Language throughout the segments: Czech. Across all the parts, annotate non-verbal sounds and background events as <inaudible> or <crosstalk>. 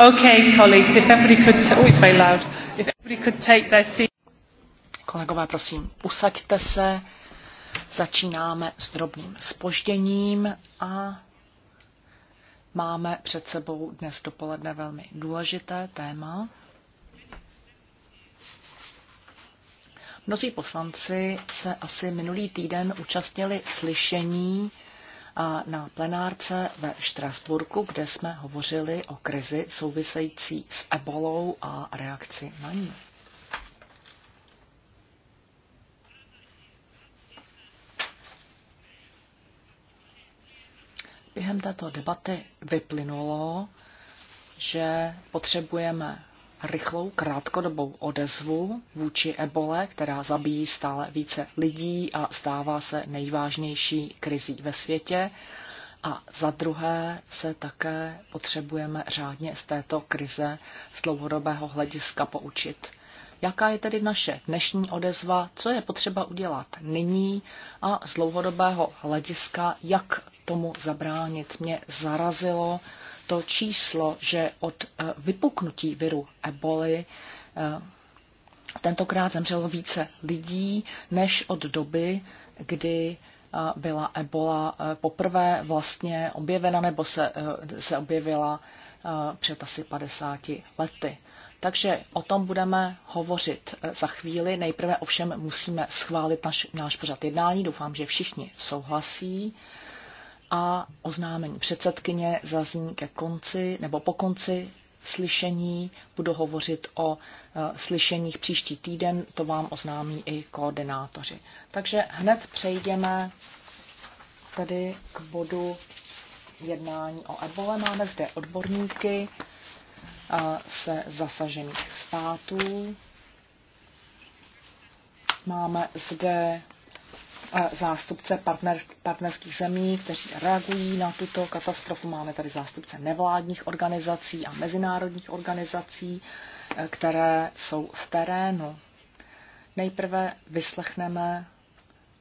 Okay, colleagues, if everybody could, oh, it's very loud. If everybody could take their seat. Kolegové, prosím, usaďte se. Začínáme s drobným spožděním a máme před sebou dnes dopoledne velmi důležité téma. Mnozí poslanci se asi minulý týden účastnili slyšení a na plenárce ve Štrasburku, kde jsme hovořili o krizi související s ebolou a reakci na ní. Během této debaty vyplynulo, že potřebujeme rychlou krátkodobou odezvu vůči ebole, která zabíjí stále více lidí a stává se nejvážnější krizí ve světě. A za druhé se také potřebujeme řádně z této krize z dlouhodobého hlediska poučit. Jaká je tedy naše dnešní odezva, co je potřeba udělat nyní a z dlouhodobého hlediska, jak tomu zabránit. Mě zarazilo, to číslo, že od eh, vypuknutí viru eboli eh, tentokrát zemřelo více lidí než od doby, kdy eh, byla ebola poprvé vlastně objevena nebo se, se objevila před asi 50 lety. Takže o tom budeme hovořit za chvíli. Nejprve ovšem musíme schválit naš, náš pořad jednání. Doufám, že všichni souhlasí a oznámení předsedkyně zazní ke konci nebo po konci slyšení. Budu hovořit o e, slyšeních příští týden, to vám oznámí i koordinátoři. Takže hned přejdeme tedy k bodu jednání o ebole. Máme zde odborníky e, se zasažených států. Máme zde zástupce partner, partnerských zemí, kteří reagují na tuto katastrofu. Máme tady zástupce nevládních organizací a mezinárodních organizací, eh, které jsou v terénu. Nejprve vyslechneme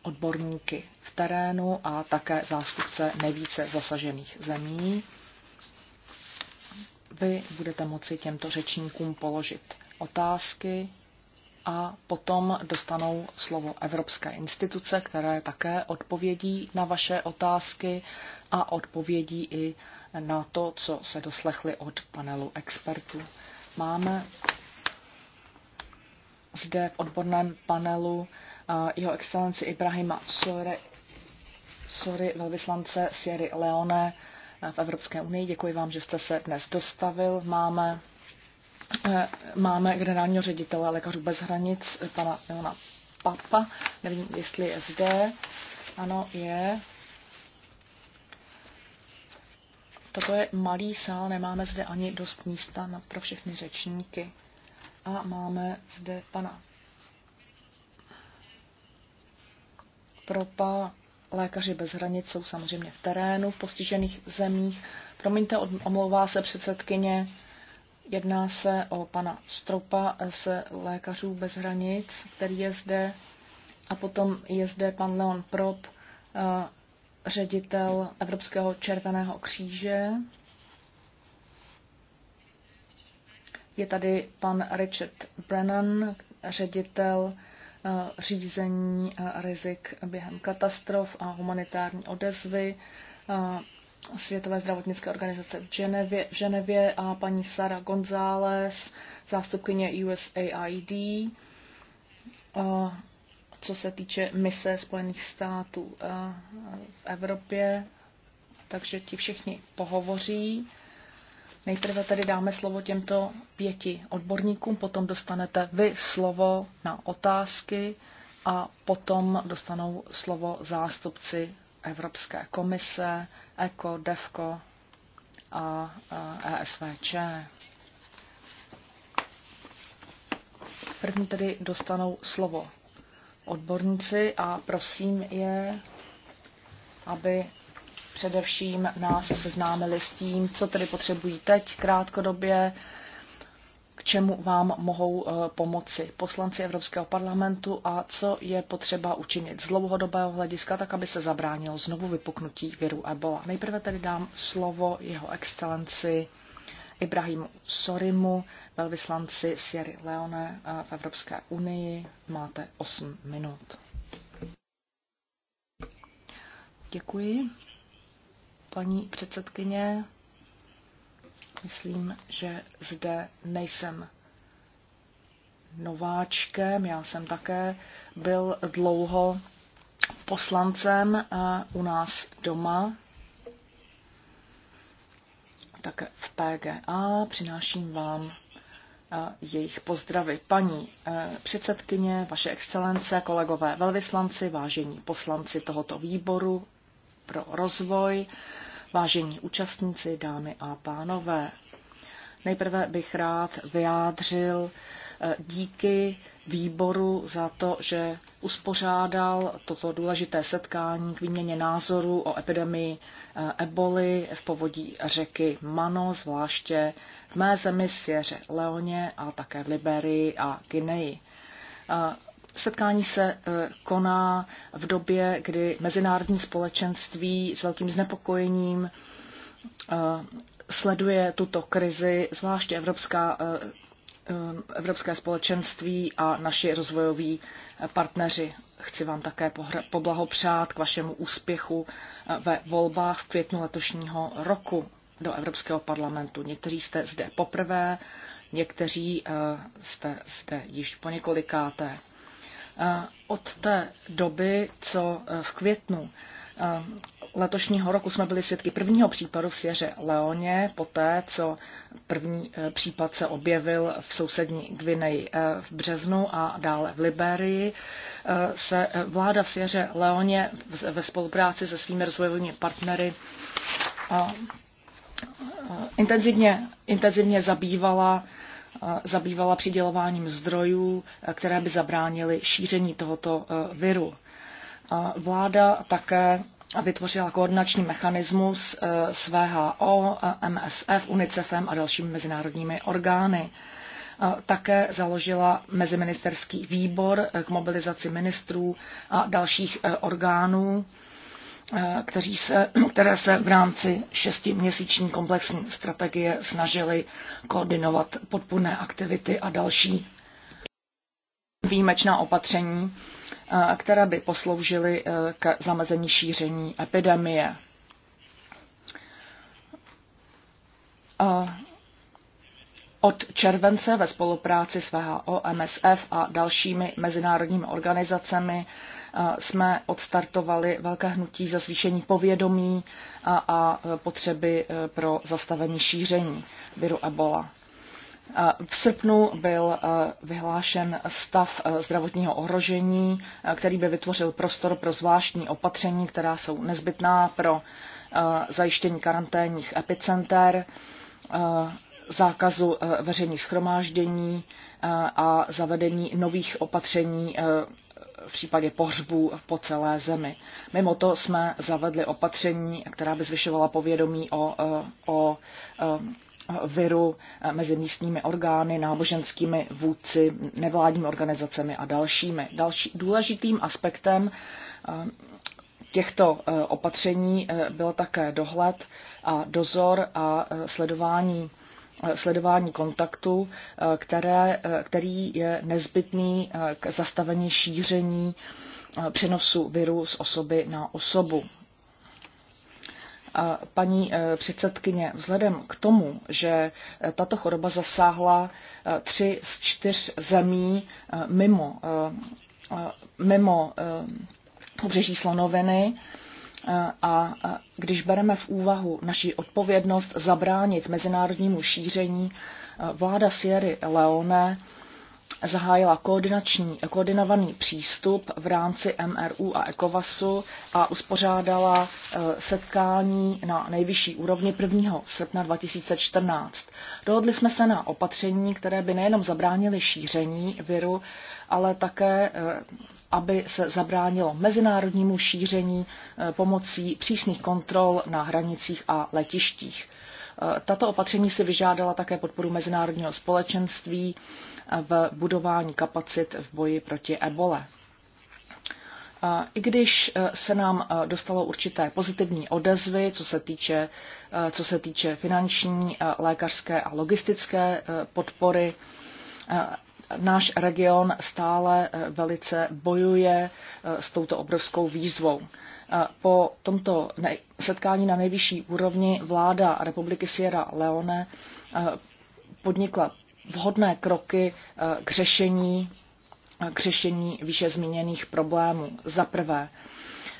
odborníky v terénu a také zástupce nejvíce zasažených zemí. Vy budete moci těmto řečníkům položit otázky, a potom dostanou slovo evropské instituce, které také odpovědí na vaše otázky a odpovědí i na to, co se doslechli od panelu expertů. Máme zde v odborném panelu eh, jeho excelenci Ibrahima Sory, Sory velvyslance Sierry Leone eh, v Evropské unii. Děkuji vám, že jste se dnes dostavil. Máme Eh, máme generálního ředitele lékařů bez hranic, eh, pana Milana Papa. Nevím, jestli je zde. Ano, je. Toto je malý sál, nemáme zde ani dost místa na, pro všechny řečníky. A máme zde pana Propa. Lékaři bez hranic jsou samozřejmě v terénu, v postižených zemích. Promiňte, omlouvá se předsedkyně. Jedná se o pana Stropa z Lékařů bez hranic, který je zde, a potom je zde pan Leon Prop, eh, ředitel Evropského červeného kříže. Je tady pan Richard Brennan, ředitel eh, řízení eh, rizik během katastrof a humanitární odezvy Světové zdravotnické organizace v Ženevě, v Ženevě a paní Sara González, zástupkyně USAID, co se týče mise Spojených států v Evropě. Takže ti všichni pohovoří. Nejprve tedy dáme slovo těmto pěti odborníkům, potom dostanete vy slovo na otázky a potom dostanou slovo zástupci Evropské komise, ECO, DEVCO a ESVČ. První tedy dostanou slovo odborníci a prosím je, aby především nás seznámili s tím, co tedy potřebují teď krátkodobě, čemu vám mohou eh, pomoci poslanci Evropského parlamentu a co je potřeba učinit z dlouhodobého hlediska, tak aby se zabránil znovu vypuknutí viru Ebola. Nejprve tedy dám slovo jeho excelenci Ibrahimu Sorimu, velvyslanci Sierra Leone eh, v Evropské unii. Máte 8 minut. Děkuji, paní předsedkyně, Myslím, že zde nejsem nováčkem, já jsem také byl dlouho poslancem u nás doma, Tak v PGA. Přináším vám jejich pozdravy. Paní předsedkyně, vaše excelence, kolegové velvyslanci, vážení poslanci tohoto výboru pro rozvoj, Vážení účastníci, dámy a pánové, nejprve bych rád vyjádřil eh, díky výboru za to, že uspořádal toto důležité setkání k výměně názorů o epidemii eh, eboli v povodí řeky Mano, zvláště v mé zemi Sierra Leone a také v Liberii a Guineji. Eh, Setkání se e, koná v době, kdy mezinárodní společenství s velkým znepokojením e, sleduje tuto krizi, zvláště Evropská, e, Evropské společenství a naši rozvojoví partneři. Chci vám také poblahopřát k vašemu úspěchu ve volbách v květnu letošního roku do Evropského parlamentu. Někteří jste zde poprvé, někteří jste zde již po několikáté. Eh, od té doby, co eh, v květnu eh, letošního roku jsme byli svědky prvního případu v Sěře Leoně, poté co první případ se objevil v sousední Gvineji v březnu a dále v Liberii, se vláda v Sěře Leoně ve spolupráci se svými rozvojovými partnery intenzivně, intenzivně zabývala zabývala přidělováním zdrojů, eh, které by zabránily šíření tohoto eh, viru. Vláda také vytvořila koordinační mechanismus eh, s VHO, MSF, UNICEFem a dalšími mezinárodními orgány. Také založila meziministerský výbor k mobilizaci ministrů a dalších orgánů Eh, kteří se, <clears throat> které se v rámci šestiměsíční komplexní strategie snažili koordinovat podpůrné aktivity a další výjimečná opatření, eh, které by posloužily eh, k zamezení šíření epidemie od července ve spolupráci s VHO, MSF a dalšími mezinárodními organizacemi eh, jsme odstartovali velké hnutí za zvýšení povědomí a, a eh, potřeby eh, pro zastavení šíření viru Ebola. V srpnu byl vyhlášen stav zdravotního ohrožení, který by vytvořil prostor pro zvláštní opatření, která jsou nezbytná pro zajištění karanténních epicenter zákazu eh, veřejných schromáždění eh, a zavedení nových opatření eh, v případě pohřbů po celé zemi. Mimo to jsme zavedli opatření, která by zvyšovala povědomí o, o viru mezi místními orgány, náboženskými vůdci, nevládními organizacemi a dalšími. Další důležitým aspektem těchto opatření byl také dohled a dozor a sledování Eh, sledování kontaktu, eh, které, eh, který je nezbytný k zastavení šíření přenosu viru z osoby na osobu. Paní předsedkyně, vzhledem k tomu, že tato choroba zasáhla tři z čtyř zemí mimo, mimo pobřeží slonoviny, Eh, a eh, když bereme v úvahu naši odpovědnost zabránit mezinárodnímu šíření, eh, vláda Sierry Leone zahájila koordinační, koordinovaný přístup v rámci MRU a ECOVASu a uspořádala eh, setkání na nejvyšší úrovni 1. srpna 2014. Dohodli jsme se na opatření, které by nejenom zabránili šíření viru, ale také, eh, aby se zabránilo mezinárodnímu šíření eh, pomocí přísných kontrol na hranicích a letištích. Tato opatření si vyžádala také podporu mezinárodního společenství v budování kapacit v boji proti ebole. I když e, se nám e, dostalo určité pozitivní odezvy, co se týče, e, co se týče finanční, lékařské a logistické podpory, náš region stále velice bojuje s touto obrovskou výzvou. Po tomto setkání na nejvyšší úrovni vláda Republiky Sierra Leone podnikla vhodné kroky eh, k řešení, eh, k řešení výše zmíněných problémů. Za prvé,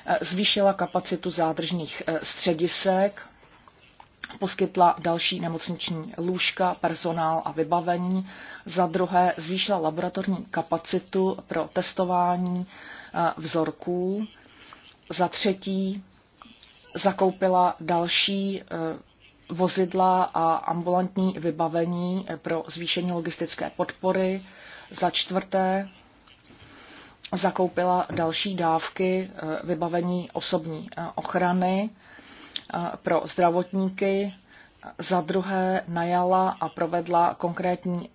eh, zvýšila kapacitu zádržných středisek, poskytla další nemocniční lůžka, personál a vybavení. Za druhé zvýšila laboratorní kapacitu pro testování vzorků. Za třetí zakoupila další vozidla a ambulantní vybavení pro zvýšení logistické podpory. Za čtvrté zakoupila další dávky eh, vybavení osobní eh, ochrany eh, pro zdravotníky. Za druhé najala a provedla konkrétní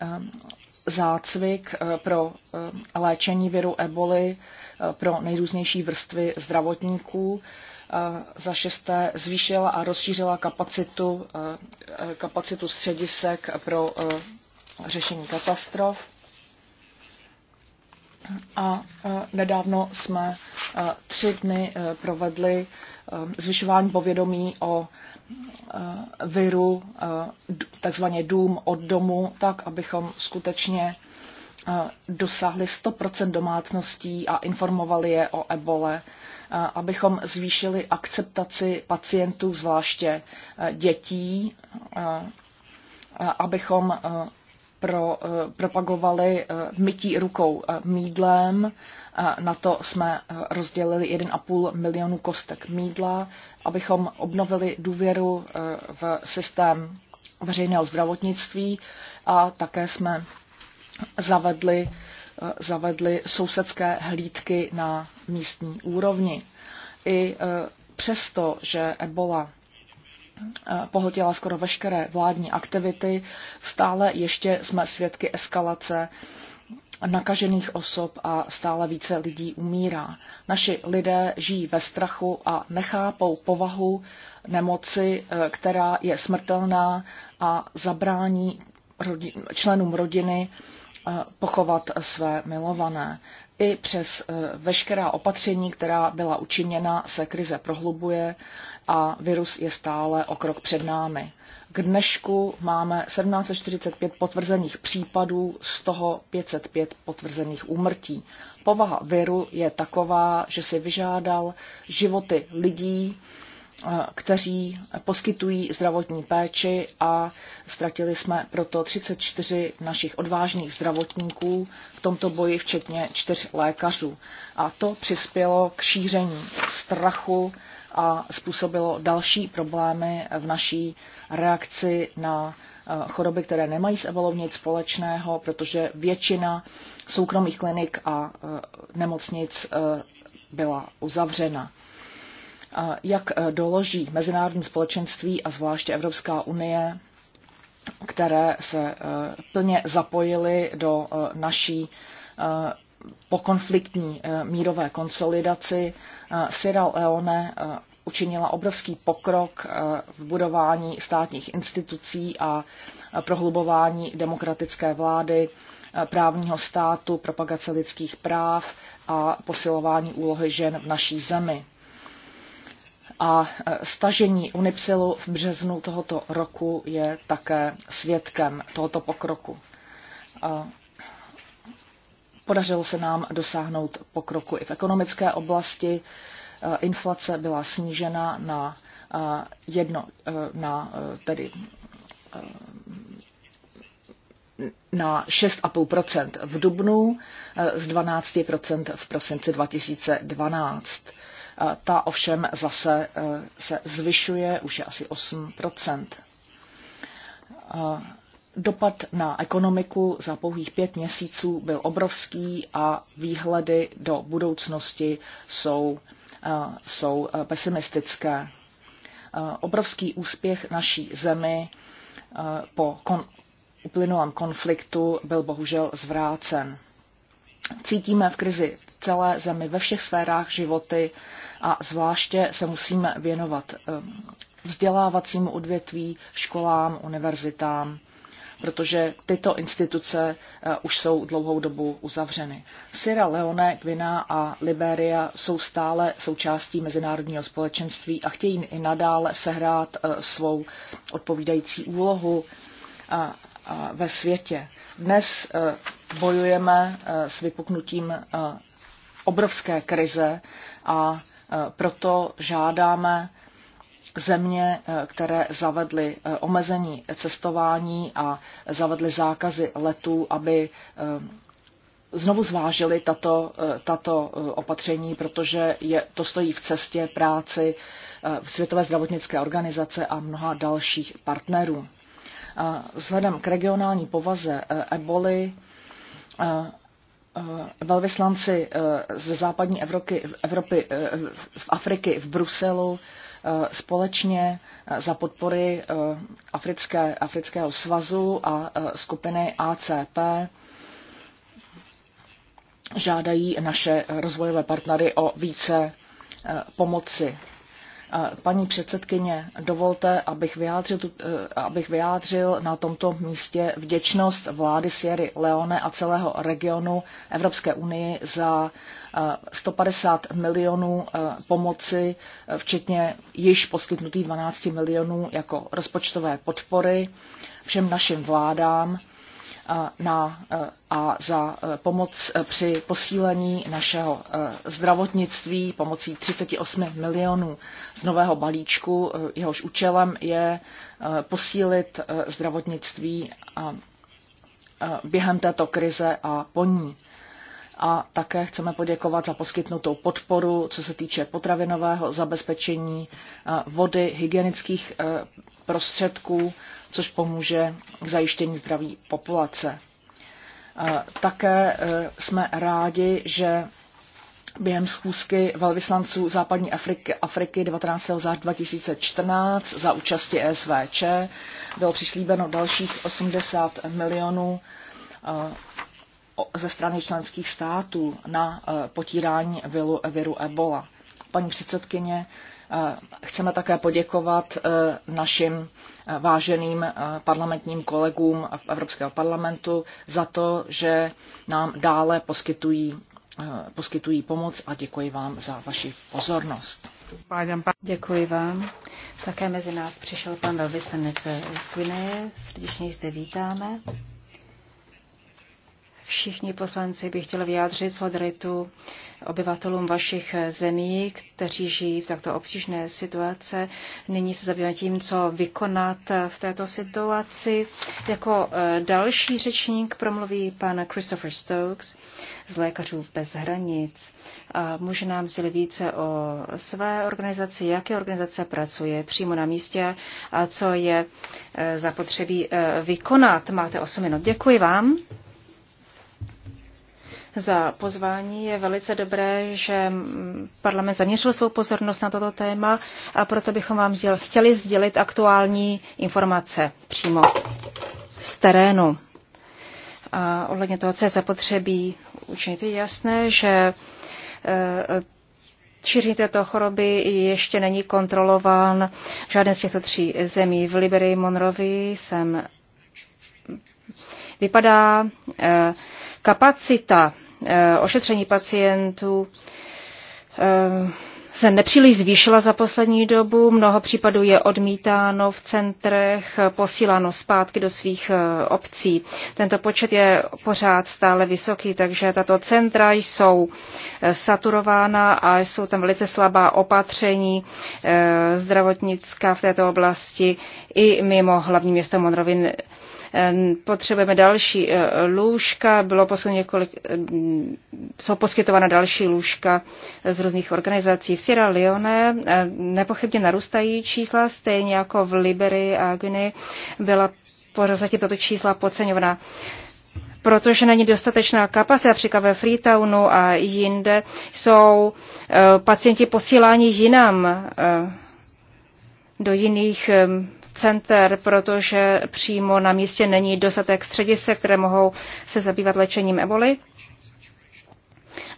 zácvik pro léčení viru eboli pro nejrůznější vrstvy zdravotníků za šesté zvýšila a rozšířila kapacitu, eh, eh, kapacitu středisek pro eh, řešení katastrof. A nedávno jsme tři dny provedli zvyšování povědomí o viru, takzvaně dům od domu, tak, abychom skutečně dosáhli 100% domácností a informovali je o ebole abychom zvýšili akceptaci pacientů, zvláště e, dětí, e, abychom e, pro, propagovali mytí rukou mídlem. Na to jsme rozdělili 1,5 milionu kostek mídla, abychom obnovili důvěru v systém veřejného zdravotnictví a také jsme zavedli zavedly sousedské hlídky na místní úrovni. I e, přesto, že ebola e, pohltila skoro veškeré vládní aktivity, stále ještě jsme svědky eskalace nakažených osob a stále více lidí umírá. Naši lidé žijí ve strachu a nechápou povahu nemoci, e, která je smrtelná a zabrání členům rodiny Eh, pochovat své milované. I přes eh, veškerá opatření, která byla učiněna, se krize prohlubuje a virus je stále o krok před námi. K dnešku máme 1745 potvrzených případů, z toho 505 potvrzených úmrtí. Povaha viru je taková, že si vyžádal životy lidí, Eh, kteří poskytují zdravotní péči a ztratili jsme proto 34 našich odvážných zdravotníků v tomto boji, včetně čtyř lékařů. A to přispělo k šíření strachu a způsobilo další problémy v naší reakci na eh, choroby, které nemají s ebolou nic společného, protože většina soukromých klinik a eh, nemocnic byla uzavřena jak eh, doloží mezinárodní společenství a zvláště Evropská unie, které se eh, plně zapojily do eh, naší pokonfliktní mírové konsolidaci. Sierra Leone učinila obrovský pokrok v budování státních institucí a prohlubování demokratické vlády, právního státu, propagace lidských práv a posilování úlohy žen v naší zemi a e, stažení Unipsilu v březnu tohoto roku je také svědkem tohoto pokroku. Podařilo se nám dosáhnout pokroku i v ekonomické oblasti. E, inflace byla snížena na e, jedno, na tedy na 6,5 v dubnu z 12 v prosinci 2012. Ta ovšem zase eh, se zvyšuje, už je asi 8 Dopad na ekonomiku za pouhých pět měsíců byl obrovský a výhledy do budoucnosti jsou, eh, jsou eh, pesimistické. Obrovský úspěch naší zemi po kon- uplynulém konfliktu byl bohužel zvrácen. Cítíme v krizi celé zemi, ve všech sférách životy a zvláště se musíme věnovat ehm, vzdělávacímu odvětví, školám, univerzitám, protože tyto instituce eh, už jsou dlouhou dobu uzavřeny. Sierra Leone, Gvina a Liberia jsou stále součástí mezinárodního společenství a chtějí i nadále sehrát eh, svou odpovídající úlohu ve světě. Dnes eh, bojujeme s vypuknutím obrovské krize a e, proto žádáme země, e, které zavedly e, omezení cestování a zavedly zákazy letů, aby znovu zvážili tato, tato opatření, protože je, to stojí v cestě práci v Světové zdravotnické organizace a mnoha dalších partnerů. Vzhledem k regionální povaze eboli Eh, velvyslanci eh, ze západní Evropy, Evropy eh, v Afriky v Bruselu společně za podpory Africké, Afrického svazu a skupiny ACP žádají naše rozvojové partnery o více pomoci Paní předsedkyně, dovolte, abych vyjádřil, eh, abych vyjádřil na tomto místě vděčnost vlády Sierry Leone a celého regionu Evropské unii za 150 eh, milionů eh, pomoci, včetně již poskytnutých 12 milionů jako rozpočtové podpory všem našim vládám na, e, a za e, pomoc e, při posílení našeho zdravotnictví pomocí 38 milionů z nového balíčku. Jehož účelem je posílit zdravotnictví během této krize a po ní. A také chceme poděkovat za poskytnutou podporu, co se týče potravinového zabezpečení, vody, hygienických prostředků což pomůže k zajištění zdraví populace. Eh, také eh, jsme rádi, že během schůzky velvyslanců západní Afriky, Afriky 19. září 2014 za účasti ESVČ bylo přislíbeno dalších 80 milionů eh, ze strany členských států na potírání viru, viru Ebola. Paní předsedkyně, Eh, chceme také poděkovat eh, našim eh, váženým parlamentním kolegům Evropského parlamentu za to, že nám dále poskytují, poskytují pomoc a děkuji vám za vaši pozornost. Děkuji vám. Také mezi nás přišel pan velvyslanec z Kvineje. Srdečně zde vítáme. Všichni poslanci bych chtěl vyjádřit solidaritu obyvatelům vašich zemí, kteří žijí v takto obtížné situace. Nyní se zabýváme tím, co vykonat v této situaci. Jako e, další řečník promluví pan Christopher Stokes z Lékařů bez hranic. A může nám sdělit více o své organizaci, jaké organizace pracuje přímo na místě a co je e, zapotřebí e, vykonat. Máte 8 minut. Děkuji vám za pozvání. Je velice dobré, že parlament zaměřil svou pozornost na toto téma a proto bychom vám chtěli sdělit aktuální informace přímo z terénu. A ohledně toho, co je zapotřebí učinit, je jasné, že eh, šíření této choroby ještě není kontrolován žádné z těchto tří zemí. V Liberii Monrovi jsem vypadá eh, kapacita Eh, ošetření pacientů eh, se nepříliš zvýšila za poslední dobu. Mnoho případů je odmítáno v centrech, posíláno zpátky do svých eh, obcí. Tento počet je pořád stále vysoký, takže tato centra jsou saturována a jsou tam velice slabá opatření zdravotnická v této oblasti i mimo hlavní město Monrovin Potřebujeme další e, lůžka, bylo posun několik, e, jsou poskytována další lůžka z různých organizací. V Sierra Leone e, nepochybně narůstají čísla, stejně jako v Liberii a Guiny byla zatím tato čísla podceňovaná protože není dostatečná kapacita, například ve Freetownu a jinde, jsou pacienti posíláni jinam do jiných center, protože přímo na místě není dostatek středise, které mohou se zabývat léčením eboli.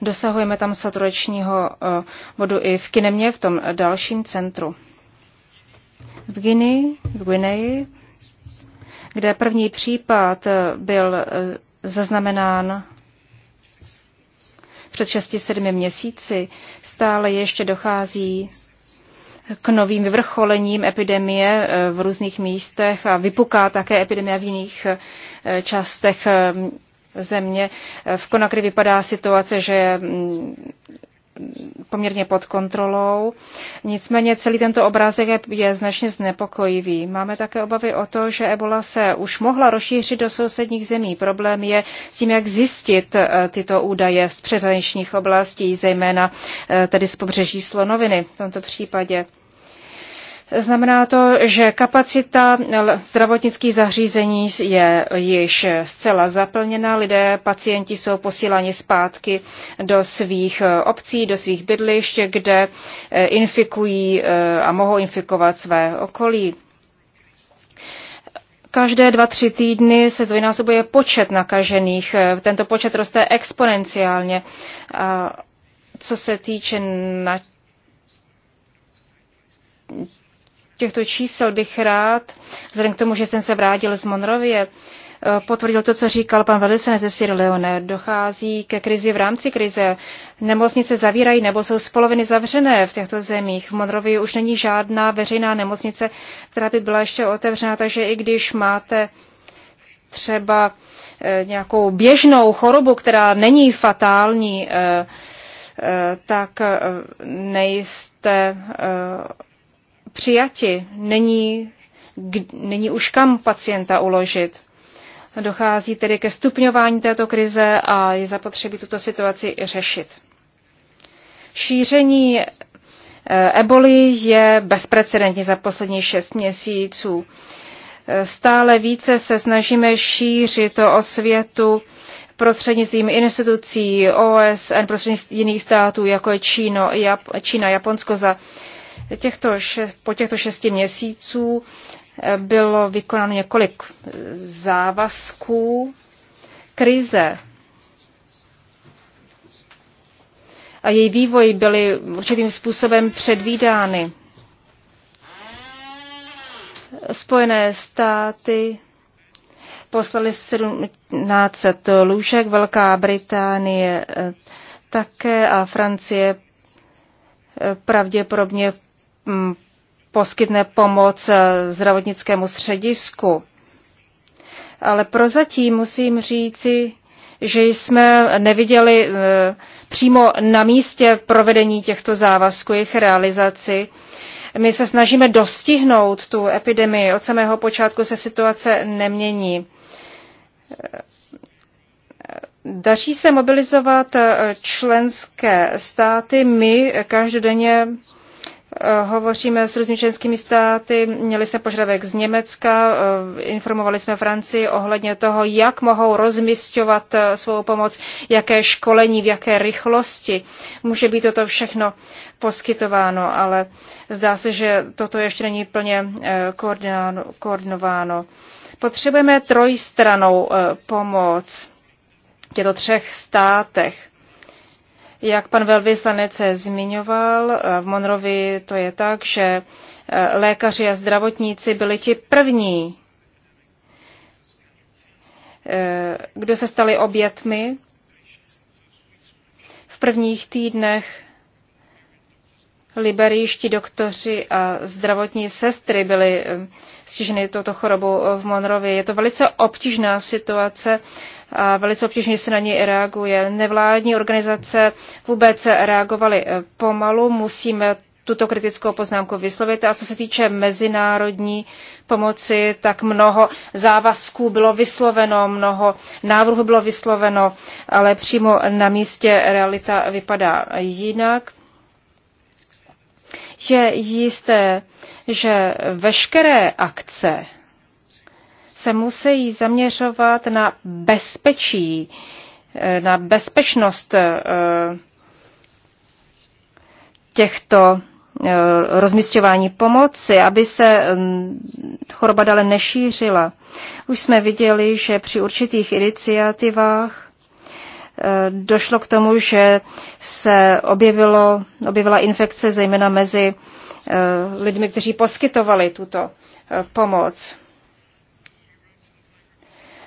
Dosahujeme tam saturačního eh, bodu i v Kinemě, v tom dalším centru. V Guineji, v Guineji kde první případ eh, byl eh, zaznamenán před 6-7 měsíci, stále ještě dochází k novým vyvrcholením epidemie eh, v různých místech a vypuká také epidemie v jiných eh, částech eh, země. V Konakry vypadá situace, že mm, poměrně pod kontrolou. Nicméně celý tento obrázek je, je značně znepokojivý. Máme také obavy o to, že ebola se už mohla rozšířit do sousedních zemí. Problém je s tím, jak zjistit eh, tyto údaje z přeshraničních oblastí, zejména eh, tedy z pobřeží slonoviny v tomto případě. Znamená to, že kapacita zdravotnických zařízení je již zcela zaplněna. Lidé, pacienti jsou posíláni zpátky do svých eh, obcí, do svých bydlišť, kde eh, infikují eh, a mohou infikovat své okolí. Každé dva, tři týdny se zdvojnásobuje počet nakažených. Tento počet roste exponenciálně. A co se týče na těchto čísel bych rád, vzhledem k tomu, že jsem se vrátil z Monrovie, eh, potvrdil to, co říkal pan velvyslanec ze Sierra Leone. Dochází ke krizi v rámci krize. Nemocnice zavírají nebo jsou z poloviny zavřené v těchto zemích. V Monrovi už není žádná veřejná nemocnice, která by byla ještě otevřená, takže i když máte třeba eh, nějakou běžnou chorobu, která není fatální, eh, tak nejste přijati, není, není už kam pacienta uložit. Dochází tedy ke stupňování této krize a je zapotřebí tuto situaci řešit. Šíření eh, eboli je bezprecedentní za poslední šest měsíců. Eh, stále více se snažíme šířit to o světu prostřednictvím institucí OSN, prostřednictvím jiných států, jako je Číno, Jap, Čína, Japonsko za Těchto še- po těchto šesti měsíců eh, bylo vykonáno několik eh, závazků. Krize a její vývoj byly určitým způsobem předvídány. Spojené státy poslali 17 lůžek, Velká Británie eh, také a Francie pravděpodobně mm, poskytne pomoc eh, zdravotnickému středisku. Ale prozatím musím říci, že jsme neviděli eh, přímo na místě provedení těchto závazků, jejich realizaci. My se snažíme dostihnout tu epidemii. Od samého počátku se situace nemění. Daří se mobilizovat eh, členské státy. My každodenně eh, hovoříme s různými členskými státy, měli se požadavek z Německa, eh, informovali jsme Francii ohledně toho, jak mohou rozmysťovat svou pomoc, jaké školení, v jaké rychlosti. Může být toto všechno poskytováno, ale zdá se, že toto ještě není plně koordinováno. Potřebujeme trojstranou pomoc těchto třech státech. Jak pan velvyslanec se zmiňoval, eh, v Monrovi to je tak, že eh, lékaři a zdravotníci byli ti první, eh, kdo se stali obětmi v prvních týdnech liberijští doktoři a zdravotní sestry byly stiženy touto chorobou v Monrově. Je to velice obtížná situace a velice obtížně se na ní reaguje. Nevládní organizace vůbec reagovaly eh, pomalu, musíme eh, tuto kritickou poznámku vyslovit. A co se týče mezinárodní pomoci, tak mnoho závazků bylo vysloveno, mnoho návrhů bylo vysloveno, ale přímo na místě realita vypadá jinak. Je jisté, že veškeré akce, se musí zaměřovat na bezpečí, eh, na bezpečnost eh, těchto eh, rozmístěvání pomoci, aby se mm, choroba dále nešířila. Už jsme viděli, že při určitých iniciativách došlo k tomu, že se objevilo, objevila infekce zejména mezi lidmi, kteří poskytovali tuto pomoc.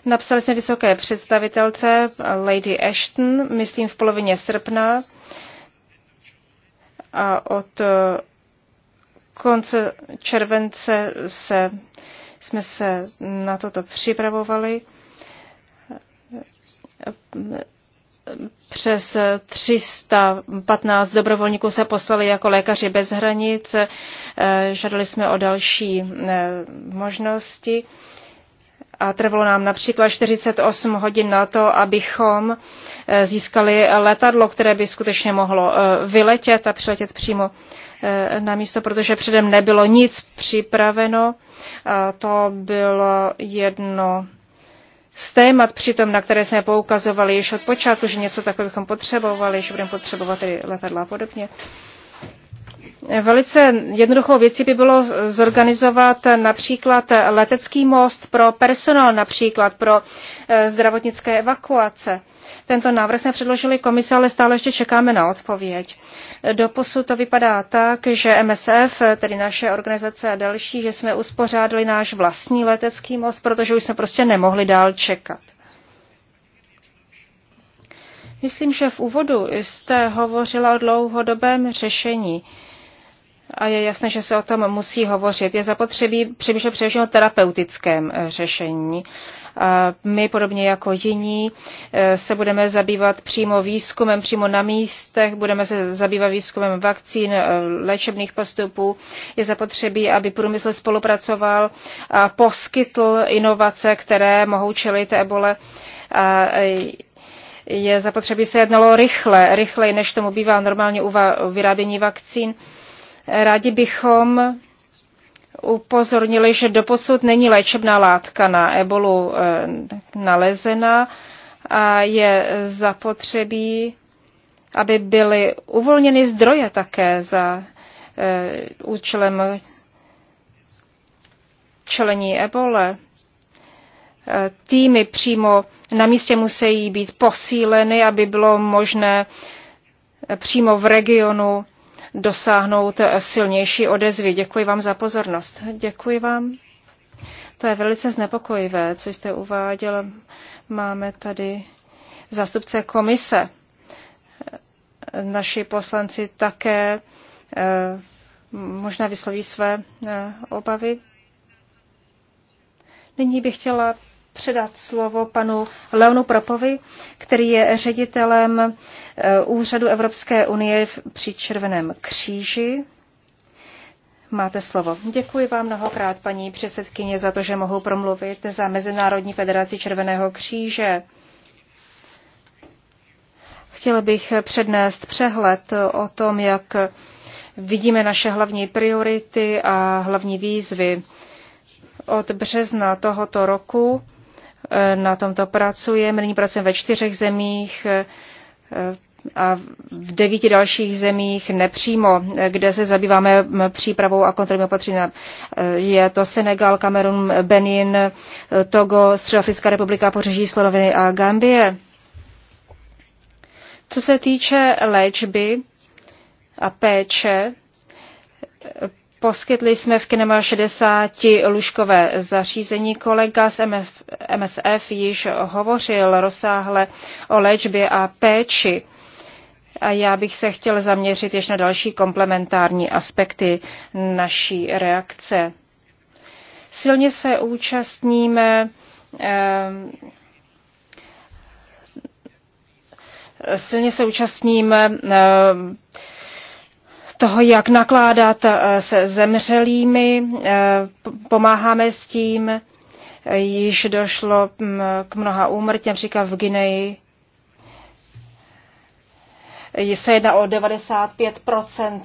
Napsali jsme vysoké představitelce Lady Ashton, myslím v polovině srpna a od eh, konce července se, jsme se na toto připravovali. Přes 315 dobrovolníků se poslali jako lékaři bez hranic. Eh, žádali jsme o další eh, možnosti a trvalo nám například 48 hodin na to, abychom eh, získali letadlo, které by skutečně mohlo eh, vyletět a přiletět přímo eh, na místo, protože předem nebylo nic připraveno. A to bylo jedno z témat přitom, na které jsme poukazovali již od počátku, že něco takového bychom potřebovali, že budeme potřebovat i letadla a podobně. Velice jednoduchou věcí by bylo zorganizovat například letecký most pro personál, například pro e, zdravotnické evakuace. Tento návrh jsme předložili komise, ale stále ještě čekáme na odpověď. Doposud to vypadá tak, že MSF, tedy naše organizace a další, že jsme uspořádali náš vlastní letecký most, protože už jsme prostě nemohli dál čekat. Myslím, že v úvodu jste hovořila o dlouhodobém řešení a je jasné, že se o tom musí hovořit. Je zapotřebí přemýšlet především o terapeutickém eh, řešení. A my, podobně jako jiní, eh, se budeme zabývat přímo výzkumem, přímo na místech, budeme se zabývat výzkumem vakcín, eh, léčebných postupů. Je zapotřebí, aby průmysl spolupracoval a poskytl inovace, které mohou čelit ebole. A je zapotřebí se jednalo rychle, rychleji, než tomu bývá normálně u vyrábění vakcín. Rádi bychom upozornili, že doposud není léčebná látka na ebolu eh, nalezena a je zapotřebí, aby byly uvolněny zdroje také za eh, účelem čelení ebole. Eh, týmy přímo na místě musí být posíleny, aby bylo možné přímo v regionu dosáhnout silnější odezvy. Děkuji vám za pozornost. Děkuji vám. To je velice znepokojivé, co jste uváděl. Máme tady zástupce komise. Naši poslanci také eh, možná vysloví své eh, obavy. Nyní bych chtěla předat slovo panu Leonu Propovi, který je ředitelem eh, Úřadu Evropské unie při Červeném kříži. Máte slovo. Děkuji vám mnohokrát, paní předsedkyně, za to, že mohu promluvit za Mezinárodní federaci Červeného kříže. Chtěla bych přednést přehled o tom, jak vidíme naše hlavní priority a hlavní výzvy. Od března tohoto roku Eh, na tomto pracujeme. Nyní pracujeme ve čtyřech zemích eh, a v devíti dalších zemích nepřímo, eh, kde se zabýváme přípravou a kontrolní opatření. Je to Senegal, Kamerun, Benin, Togo, Středoafrická republika, Pořeží Sloveny a Gambie. Co se týče léčby a péče, Poskytli jsme v Kinema 60 lůžkové zařízení. Kolega z MF, MSF již hovořil rozsáhle o léčbě a péči. A já bych se chtěl zaměřit ještě na další komplementární aspekty naší reakce. Silně se účastníme eh, silně se účastníme eh, toho, jak nakládat eh, se zemřelými. Eh, pomáháme s tím. Eh, již došlo mm, k mnoha úmrtím, například v Gineji se jedná o 95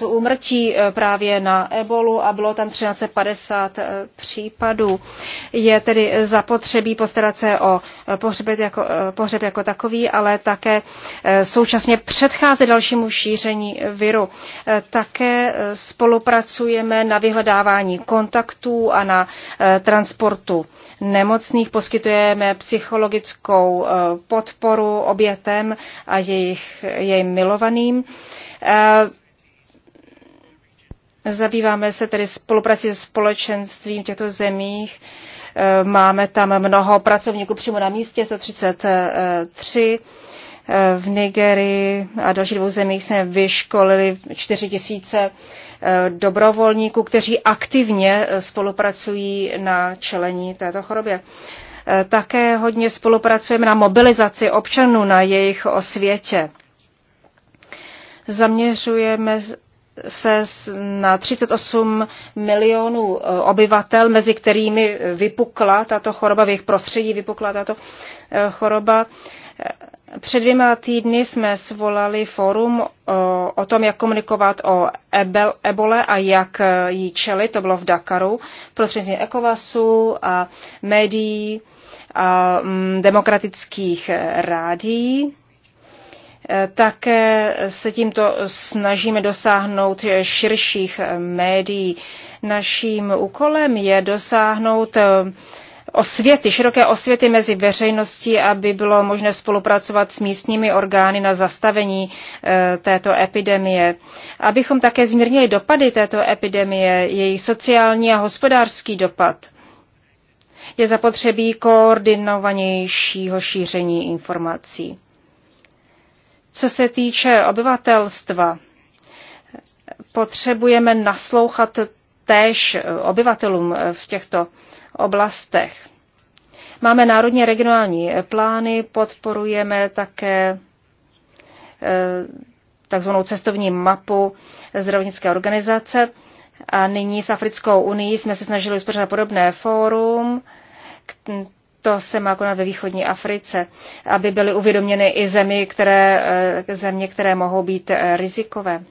úmrtí e, právě na ebolu a bylo tam 1350 e, případů. Je tedy zapotřebí postarat se o e, pohřeb jako, pohřeb jako takový, ale také současně předcházet dalšímu šíření viru. Také spolupracujeme na vyhledávání kontaktů a na transportu nemocných, poskytujeme psychologickou eh, podporu obětem a jejich, jejich milovaným. Eh, zabýváme se tedy spoluprací se společenstvím v těchto zemích. Eh, máme tam mnoho pracovníků přímo na místě, 133 v Nigerii a dalších dvou zemích jsme vyškolili 4 tisíce Eh, dobrovolníků, kteří aktivně eh, spolupracují na čelení této chorobě. Eh, také hodně spolupracujeme na mobilizaci občanů, na jejich osvětě. Zaměřujeme se na 38 milionů obyvatel, mezi kterými vypukla tato choroba, v jejich prostředí vypukla tato choroba. Před dvěma týdny jsme svolali fórum o, eh, o tom, jak komunikovat o ebel, ebole a jak eh, jí čelit. To bylo v Dakaru prostřednictvím Ekovasu a médií a mm, demokratických eh, rádí. Také se tímto snažíme dosáhnout širších médií. Naším úkolem je dosáhnout osvěty, široké osvěty mezi veřejností, aby bylo možné spolupracovat s místními orgány na zastavení e, této epidemie. Abychom také zmírnili dopady této epidemie, její sociální a hospodářský dopad, je zapotřebí koordinovanějšího šíření informací. Co se týče obyvatelstva, potřebujeme naslouchat též obyvatelům v těchto oblastech. Máme národní regionální plány, podporujeme také eh, takzvanou cestovní mapu zdravotnické organizace. A nyní s Africkou unii jsme se snažili uspořádat podobné fórum, to se má konat ve východní Africe, aby byly uvědoměny i zemi, které, eh, země, které mohou být eh, rizikové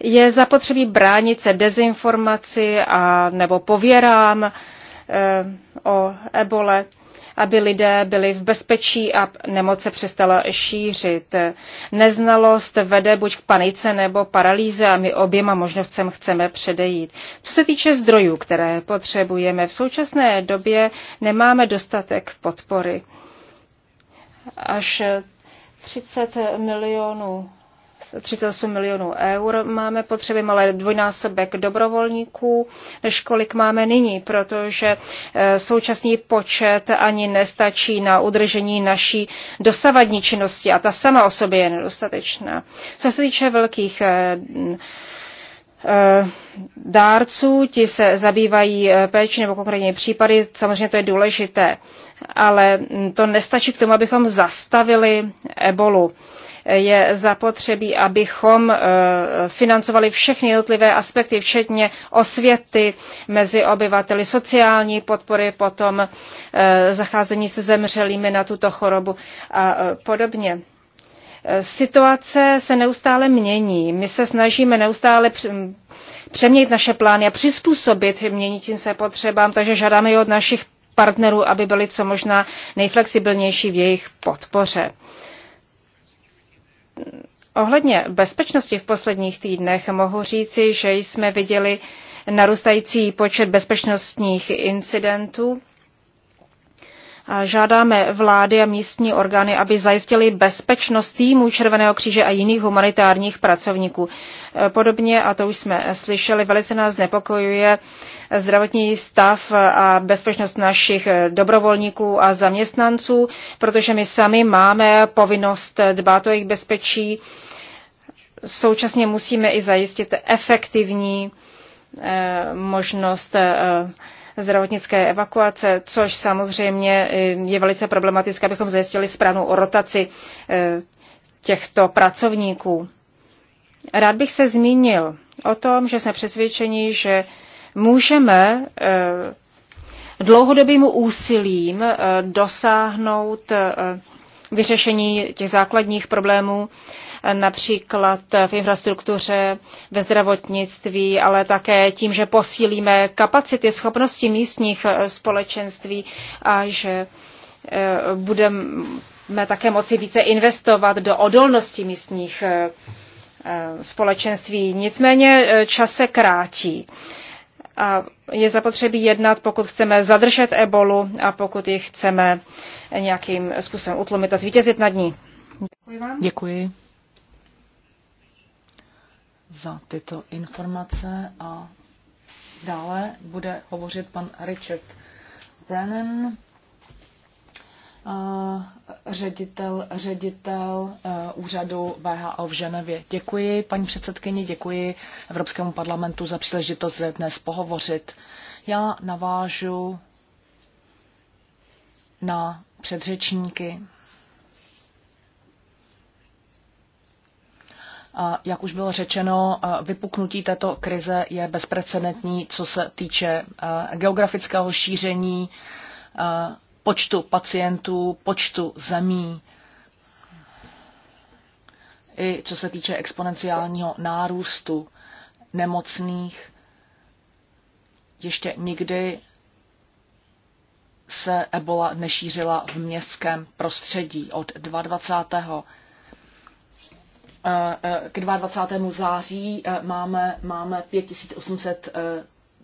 je zapotřebí bránit se dezinformaci a nebo pověrám eh, o ebole, aby lidé byli v bezpečí a nemoc se přestala šířit. Neznalost vede buď k panice nebo paralýze a my oběma možnostem chceme předejít. Co se týče zdrojů, které potřebujeme, v současné době nemáme dostatek podpory. Až 30 milionů 38 milionů eur máme potřeby, ale dvojnásobek dobrovolníků, než kolik máme nyní, protože eh, současný počet ani nestačí na udržení naší dosavadní činnosti a ta sama o sobě je nedostatečná. Co se týče velkých eh, eh, dárců, ti se zabývají péči nebo konkrétně případy, samozřejmě to je důležité, ale to nestačí k tomu, abychom zastavili ebolu je zapotřebí, abychom eh, financovali všechny jednotlivé aspekty, včetně osvěty mezi obyvateli, sociální podpory, potom eh, zacházení se zemřelými na tuto chorobu a eh, podobně. Situace se neustále mění. My se snažíme neustále přeměnit naše plány a přizpůsobit měnícím se potřebám, takže žádáme i od našich partnerů, aby byli co možná nejflexibilnější v jejich podpoře. Ohledně bezpečnosti v posledních týdnech mohu říci, že jsme viděli narůstající počet bezpečnostních incidentů Žádáme vlády a místní orgány, aby zajistili bezpečnost týmů Červeného kříže a jiných humanitárních pracovníků. E, podobně, a to už jsme slyšeli, velice nás znepokojuje zdravotní stav a bezpečnost našich e, dobrovolníků a zaměstnanců, protože my sami máme povinnost dbát o jejich bezpečí. Současně musíme i zajistit efektivní e, možnost zdravotnické evakuace, což samozřejmě eh, je velice problematické, abychom zajistili správnou rotaci eh, těchto pracovníků. Rád bych se zmínil o tom, že jsme přesvědčeni, že můžeme eh, dlouhodobým úsilím dosáhnout vyřešení těch základních problémů, například v infrastruktuře, ve zdravotnictví, ale také tím, že posílíme kapacity, schopnosti místních eh, společenství a že eh, budeme také moci více investovat do odolnosti místních eh, společenství. Nicméně čas se krátí. A je zapotřebí jednat, pokud chceme zadržet ebolu a pokud ji chceme nějakým způsobem utlumit a zvítězit nad ní. Děkuji vám. Děkuji za tyto informace a dále bude hovořit pan Richard Brennan, eh, ředitel, ředitel eh, úřadu VHO v Ženevě. Děkuji, paní předsedkyni, děkuji Evropskému parlamentu za příležitost dnes pohovořit. Já navážu na předřečníky. Jak už bylo řečeno, vypuknutí této krize je bezprecedentní, co se týče geografického šíření, počtu pacientů, počtu zemí, i co se týče exponenciálního nárůstu nemocných. Ještě nikdy se ebola nešířila v městském prostředí od 22. Eh, eh, k 22. září eh, máme, máme 5800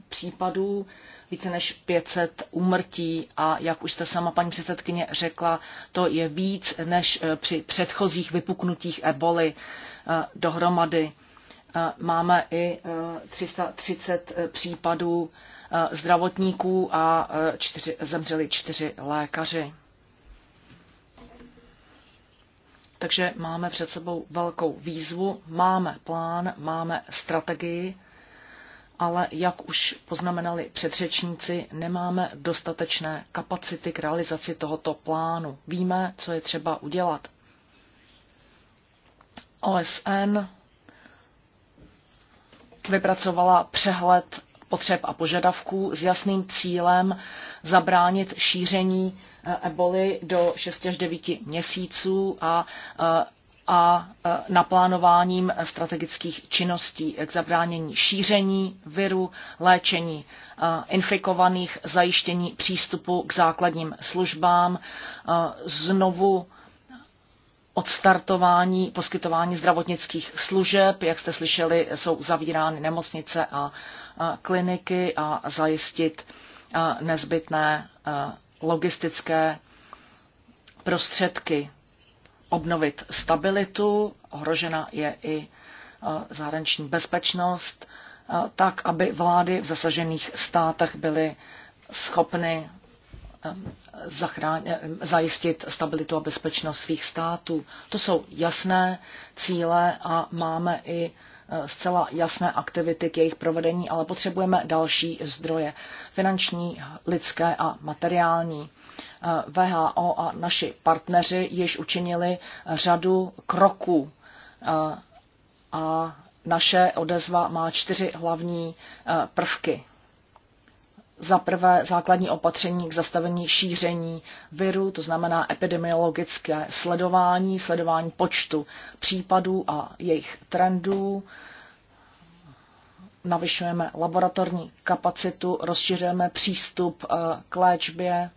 případů, více než 500 úmrtí a jak už jste sama paní předsedkyně řekla, to je víc než při předchozích vypuknutích eboli dohromady. Máme i 330 případů zdravotníků a čtyři, zemřeli čtyři lékaři. Takže máme před sebou velkou výzvu, máme plán, máme strategii, ale jak už poznamenali předřečníci, nemáme dostatečné kapacity k realizaci tohoto plánu. Víme, co je třeba udělat. OSN vypracovala přehled potřeb a požadavků s jasným cílem zabránit šíření eh, eboli do 6 až 9 měsíců a eh, a eh, naplánováním strategických činností k zabránění šíření viru, léčení infikovaných, zajištění přístupu k základním službám, znovu odstartování poskytování zdravotnických služeb, jak jste slyšeli, jsou zavírány nemocnice a kliniky a zajistit nezbytné logistické prostředky, obnovit stabilitu, ohrožena je i zahraniční bezpečnost, tak, aby vlády v zasažených státech byly schopny e, zajistit stabilitu a bezpečnost svých států. To jsou jasné cíle a máme i zcela jasné aktivity k jejich provedení, ale potřebujeme další zdroje finanční, lidské a materiální. VHO a naši partneři již učinili řadu kroků eh, a naše odezva má čtyři hlavní eh, prvky za prvé základní opatření k zastavení šíření viru, to znamená epidemiologické sledování, sledování počtu případů a jejich trendů. Navyšujeme laboratorní kapacitu, rozšiřujeme přístup eh, k léčbě.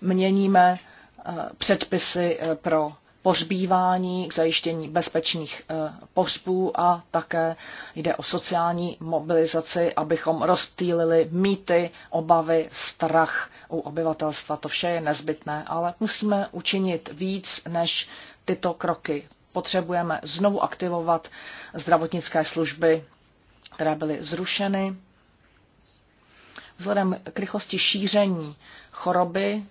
Měníme eh, předpisy eh, pro pořbívání, k zajištění bezpečných eh, pořbů a také jde o sociální mobilizaci, abychom rozptýlili mýty, obavy, strach u obyvatelstva. To vše je nezbytné, ale musíme učinit víc než tyto kroky. Potřebujeme znovu aktivovat zdravotnické služby, které byly zrušeny. Vzhledem k rychlosti šíření choroby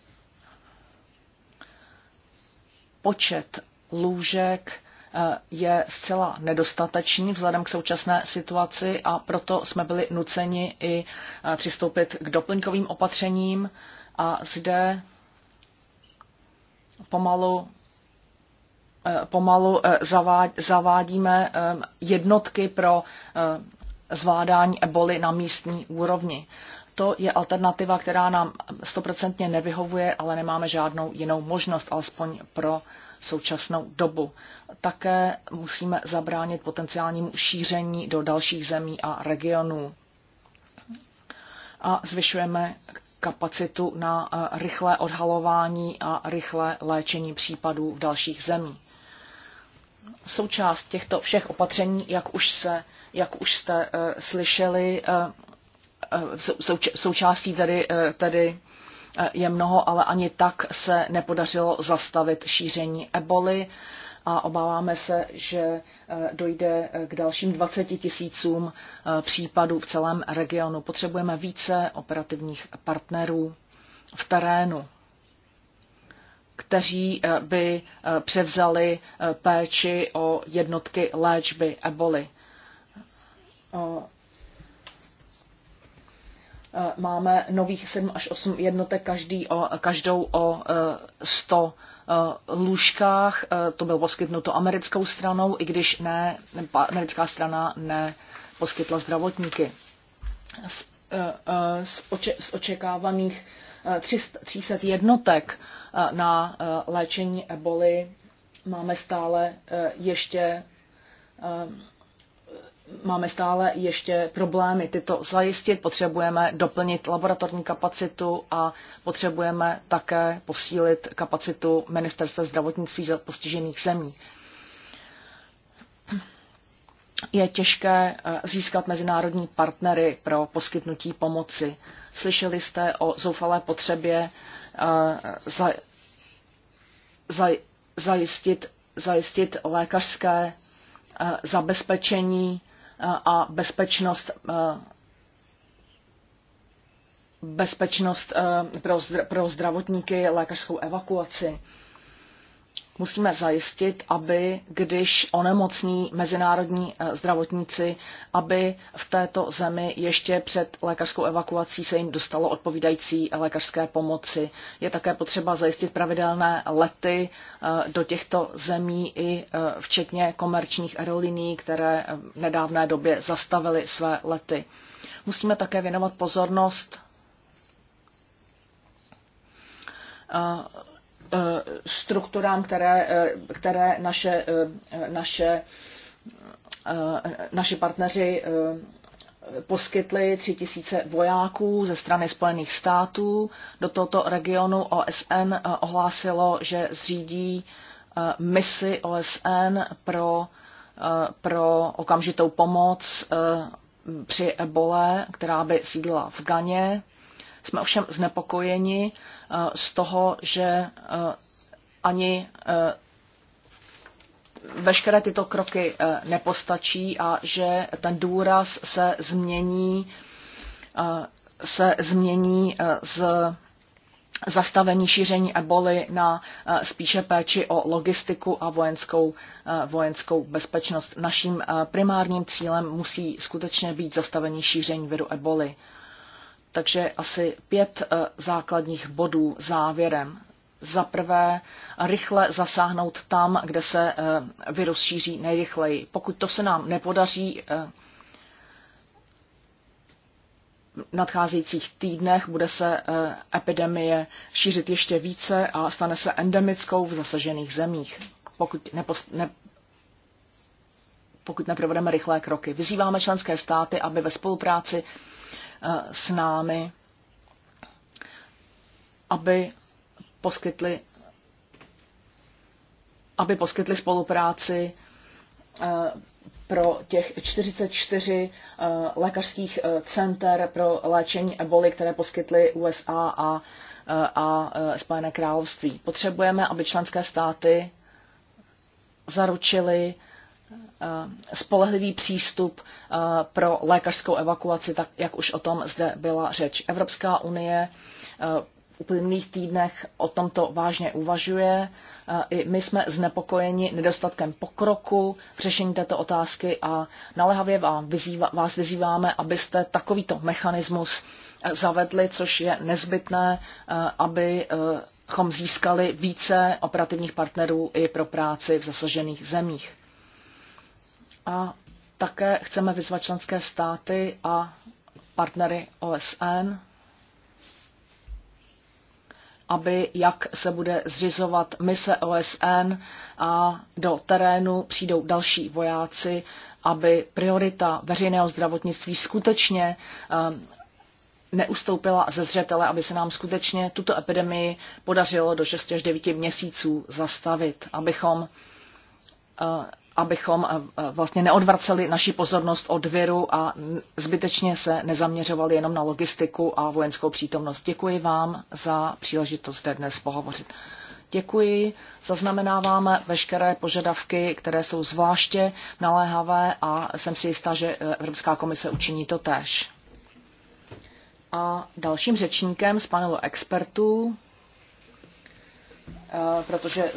počet lůžek eh, je zcela nedostatečný vzhledem k současné situaci a proto jsme byli nuceni i eh, přistoupit k doplňkovým opatřením a zde pomalu eh, pomalu zavádíme jednotky pro zvládání eboli na místní úrovni to je alternativa, která nám stoprocentně nevyhovuje, ale nemáme žádnou jinou možnost, alespoň pro současnou dobu. Také musíme zabránit potenciálnímu šíření do dalších zemí a regionů. A zvyšujeme kapacitu na eh, rychlé odhalování a rychlé léčení případů v dalších zemích. Součást těchto všech opatření, jak už, se, jak už jste uh, slyšeli, uh, Eh, součástí tady, eh, tady eh, je mnoho, ale ani tak se nepodařilo zastavit šíření eboli a obáváme se, že dojde k dalším 20 tisícům případů v celém regionu. Potřebujeme více operativních partnerů v terénu, kteří by převzali péči o jednotky léčby eboli. Eh, máme nových 7 až 8 jednotek každý o, každou o 100 eh, eh, lůžkách. To bylo poskytnuto americkou stranou, i když ne, americká strana neposkytla zdravotníky. Z, z, oče, z očekávaných 300 jednotek na léčení eboli máme stále ještě máme stále ještě problémy tyto zajistit, potřebujeme doplnit laboratorní kapacitu a potřebujeme také posílit kapacitu ministerstva zdravotnictví za postižených zemí. Je těžké eh, získat mezinárodní partnery pro poskytnutí pomoci. Slyšeli jste o zoufalé potřebě eh, za, za, zajistit, zajistit lékařské eh, zabezpečení a bezpečnost eh, bezpečnost eh, pro, zdravotníky, lékařskou evakuaci musíme zajistit, aby když onemocní mezinárodní eh, zdravotníci, aby v této zemi ještě před lékařskou evakuací se jim dostalo odpovídající lékařské pomoci. Je také potřeba zajistit pravidelné lety eh, do těchto zemí i eh, včetně komerčních aerolíní, které v nedávné době zastavily své lety. Musíme také věnovat pozornost Eh, strukturám, které, eh, které naše, eh, naše, naše partneři poskytli 3000 vojáků ze strany Spojených států. Do tohoto regionu OSN ohlásilo, že zřídí misi OSN pro, pro okamžitou pomoc při ebole, která by sídla v Ganě. Jsme ovšem znepokojeni, Eh, z toho, že eh, ani eh, veškeré tyto kroky nepostačí a že ten důraz se změní, se změní z zastavení šíření eboli na spíše péči o logistiku a vojenskou, vojenskou bezpečnost. Naším primárním cílem musí skutečně být zastavení šíření viru eboli. Takže asi pět eh, základních bodů závěrem. Za prvé, rychle zasáhnout tam, kde se eh, virus šíří nejrychleji. Pokud to se nám nepodaří eh, v nadcházejících týdnech, bude se epidemie šířit ještě více a stane se endemickou v zasažených zemích. Pokud nepost- ne- pokud neprovedeme rychlé kroky. Vyzýváme členské státy, aby ve spolupráci Eh, s námi, aby poskytli, aby poskytli spolupráci eh, pro těch 44 eh, lékařských center pro léčení eboli, které poskytly USA a, a Spojené království. Potřebujeme, aby členské státy zaručily Eh, spolehlivý přístup eh, pro lékařskou evakuaci, tak jak už o tom zde byla řeč. Evropská unie eh, v uplynulých týdnech o tomto vážně uvažuje. I my jsme znepokojeni nedostatkem pokroku v řešení této otázky a naléhavě vás vyzýváme, abyste takovýto mechanismus zavedli, což je nezbytné, abychom získali více operativních partnerů i pro práci v zasažených zemích. A také chceme vyzvat členské státy a partnery OSN, aby jak se bude zřizovat mise OSN a do terénu přijdou další vojáci, aby priorita veřejného zdravotnictví skutečně um, neustoupila ze zřetele, aby se nám skutečně tuto epidemii podařilo do 6 až 9 měsíců zastavit, abychom uh, abychom eh, eh, vlastně neodvraceli naši pozornost od viru a zbytečně se nezaměřovali jenom na logistiku a vojenskou přítomnost. Děkuji vám za příležitost zde dnes pohovořit. Děkuji, zaznamenáváme veškeré požadavky, které jsou zvláště naléhavé a jsem si jistá, že eh, Evropská komise učiní to též. A dalším řečníkem z panelu expertů Eh, protože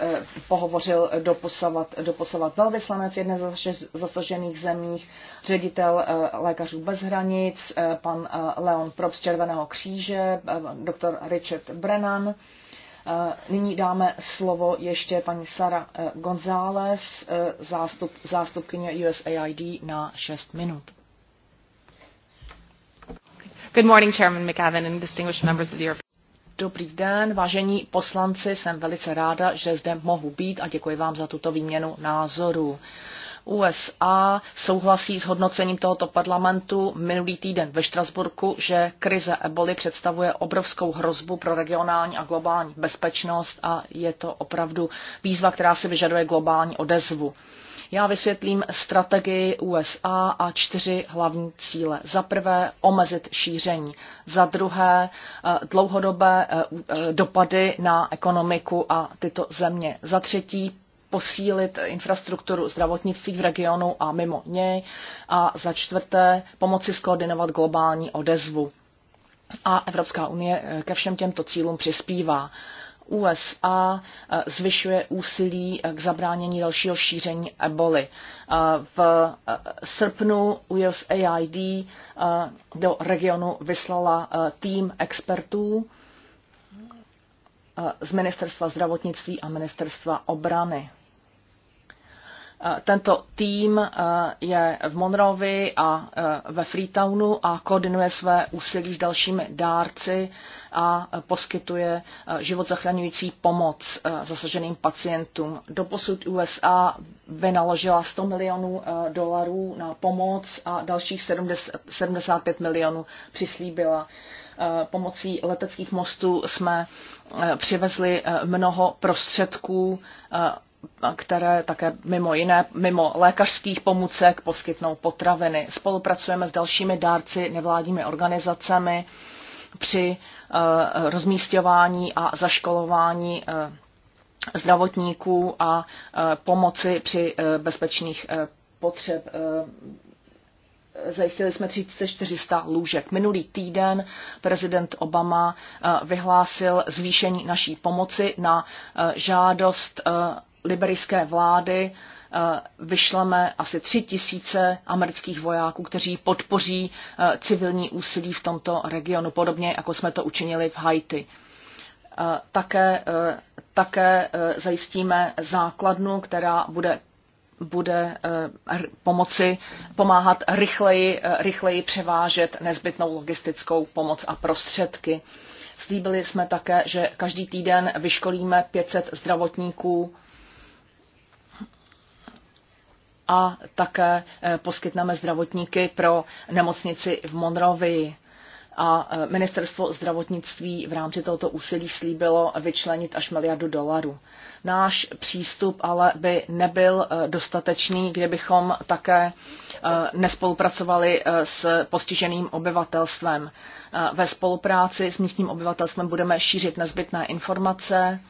eh, pohovořil doposavat, do velvyslanec jedné z zasažených zemích, ředitel eh, Lékařů bez hranic, pan Leon Prop z Červeného kříže, doktor Richard Brennan. Nyní dáme slovo ještě paní Sara González, zástup, zástupkyně USAID na 6 minut. Good morning, Chairman McAvin and distinguished members of the European Dobrý den, vážení poslanci, jsem velice ráda, že zde mohu být a děkuji vám za tuto výměnu názorů. USA souhlasí s hodnocením tohoto parlamentu minulý týden ve Štrasburku, že krize eboli představuje obrovskou hrozbu pro regionální a globální bezpečnost a je to opravdu výzva, která si vyžaduje globální odezvu. Já vysvětlím strategii USA a čtyři hlavní cíle. Za prvé omezit šíření, za druhé eh, dlouhodobé eh, eh, dopady na ekonomiku a tyto země, za třetí posílit infrastrukturu zdravotnictví v regionu a mimo něj a za čtvrté pomoci skoordinovat globální odezvu. A Evropská unie ke všem těmto cílům přispívá. USA eh, zvyšuje úsilí eh, k zabránění dalšího šíření eboli. Eh, v srpnu USAID do regionu vyslala tým expertů z Ministerstva zdravotnictví a Ministerstva obrany. Eh, tento tým eh, je v Monrovi a eh, ve Freetownu a koordinuje své úsilí s dalšími dárci a poskytuje život zachraňující pomoc zasaženým pacientům. Doposud USA vynaložila 100 milionů dolarů na pomoc a dalších 70, 75 milionů přislíbila. Pomocí leteckých mostů jsme přivezli mnoho prostředků které také mimo jiné, mimo lékařských pomůcek poskytnou potraviny. Spolupracujeme s dalšími dárci, nevládními organizacemi při eh, rozmístěvání a zaškolování eh, zdravotníků a eh, pomoci při bezpečných potřeb. Zajistili jsme 3400 lůžek. Minulý týden prezident Obama vyhlásil zvýšení naší pomoci na žádost liberijské vlády eh, vyšleme asi tři tisíce amerických vojáků, kteří podpoří eh, civilní úsilí v tomto regionu, podobně jako jsme to učinili v Haiti. Eh, také, také zajistíme základnu, která bude bude pomoci pomáhat rychleji, rychleji převážet nezbytnou logistickou pomoc a prostředky. Slíbili jsme také, že každý týden vyškolíme 500 zdravotníků a také eh, poskytneme zdravotníky pro nemocnici v Monrovii. A eh, ministerstvo zdravotnictví v rámci tohoto úsilí slíbilo vyčlenit až miliardu dolarů. Náš přístup ale by nebyl eh, dostatečný, kdybychom také nespolupracovali s postiženým obyvatelstvem. Ve spolupráci s místním obyvatelstvem budeme šířit nezbytné informace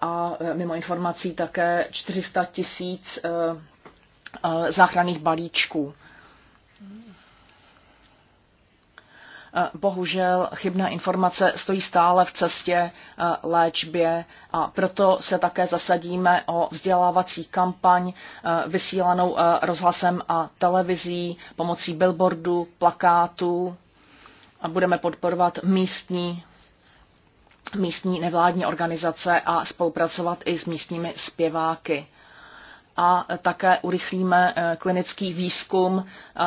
a mimo informací také 400 tisíc Eh, záchranných balíčků. Eh, bohužel chybné informace stojí stále v cestě eh, léčbě a proto se také zasadíme o vzdělávací kampaň vysílanou rozhlasem a televizí pomocí billboardů, plakátů a budeme podporovat místní místní nevládní organizace a spolupracovat i s místními zpěváky a také urychlíme eh, klinický výzkum eh,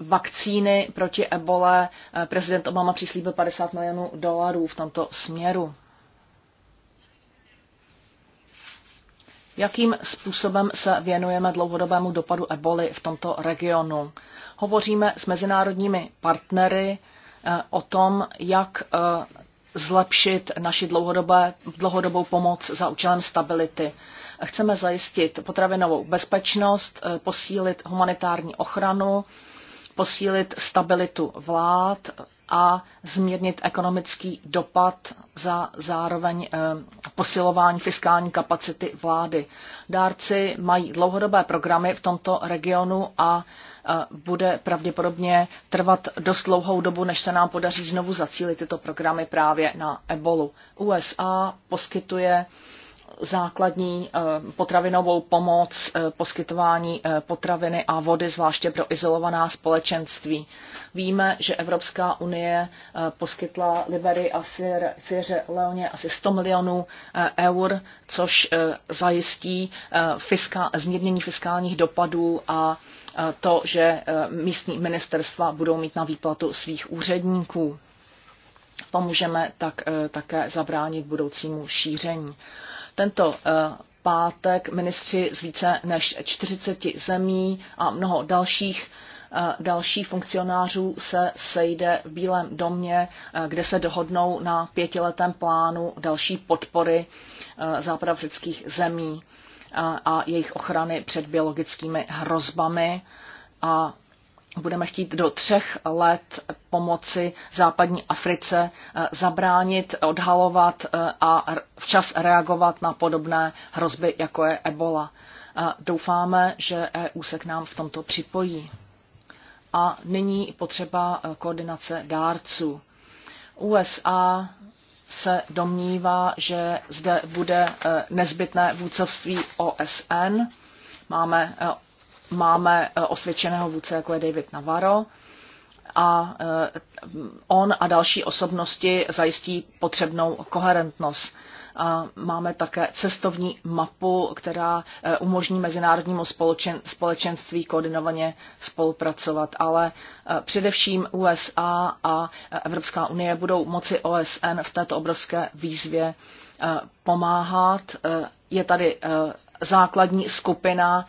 vakcíny proti ebole. Eh, prezident Obama přislíbil 50 milionů dolarů v tomto směru. Jakým způsobem se věnujeme dlouhodobému dopadu eboli v tomto regionu? Hovoříme s mezinárodními partnery o tom, jak zlepšit naši dlouhodobou pomoc za účelem stability. Chceme zajistit potravinovou bezpečnost, eh, posílit humanitární ochranu, posílit stabilitu vlád a zmírnit ekonomický dopad za zároveň eh, posilování fiskální kapacity vlády. Dárci mají dlouhodobé programy v tomto regionu a eh, bude pravděpodobně trvat dost dlouhou dobu, než se nám podaří znovu zacílit tyto programy právě na ebolu. USA poskytuje základní eh, potravinovou pomoc, eh, poskytování eh, potraviny a vody, zvláště pro izolovaná společenství. Víme, že Evropská unie poskytla Liberii a Syře Leoně asi 100 milionů eur, což zajistí fiska, zmírnění fiskálních dopadů a to, že místní ministerstva budou mít na výplatu svých úředníků pomůžeme tak také zabránit budoucímu šíření. Tento eh, pátek ministři z více než 40 zemí a mnoho dalších eh, dalších funkcionářů se sejde v Bílém domě, eh, kde se dohodnou na pětiletém plánu další podpory západoafrických zemí a jejich ochrany před biologickými hrozbami a budeme chtít do třech let pomoci západní Africe eh, zabránit, odhalovat eh, a včas reagovat na podobné hrozby, jako je ebola. Eh, doufáme, že EU se k nám v tomto připojí. A nyní potřeba koordinace dárců. USA se domnívá, že zde bude nezbytné vůdcovství OSN. Máme máme eh, osvědčeného vůdce, jako je David Navarro, a eh, on a další osobnosti zajistí potřebnou koherentnost. A máme také cestovní mapu, která eh, umožní mezinárodnímu společen, společenství koordinovaně spolupracovat. Ale především USA a Evropská unie budou moci OSN v této obrovské výzvě pomáhat. Je tady základní skupina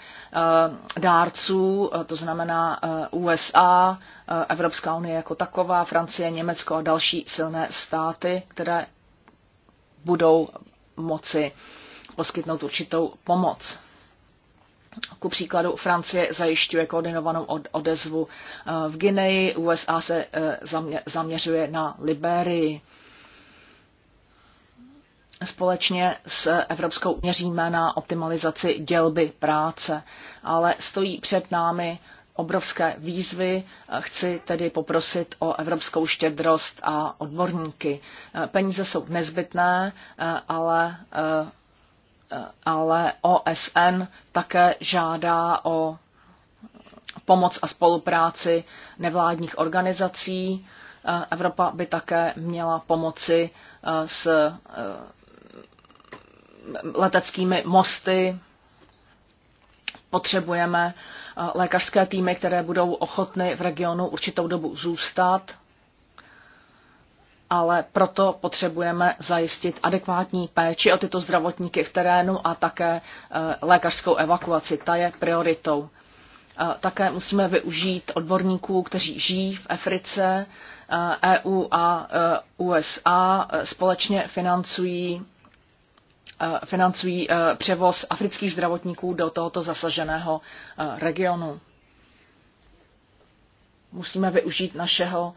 eh, dárců, eh, to znamená eh, USA, Evropská unie jako taková, Francie, Německo a další silné státy, které budou moci poskytnout určitou pomoc. Ku příkladu Francie zajišťuje koordinovanou odezvu v Gineji, USA se zaměřuje na Liberii společně s Evropskou měříme na optimalizaci dělby práce, ale stojí před námi obrovské výzvy. Chci tedy poprosit o evropskou štědrost a odborníky. Peníze jsou nezbytné, ale, ale OSN také žádá o pomoc a spolupráci nevládních organizací. Evropa by také měla pomoci s leteckými mosty. Potřebujeme eh, lékařské týmy, které budou ochotny v regionu určitou dobu zůstat, ale proto potřebujeme zajistit adekvátní péči o tyto zdravotníky v terénu a také eh, lékařskou evakuaci. Ta je prioritou. Eh, také musíme využít odborníků, kteří žijí v Africe. EU e a USA společně financují Eh, financují eh, převoz afrických zdravotníků do tohoto zasaženého eh, regionu. Musíme využít našeho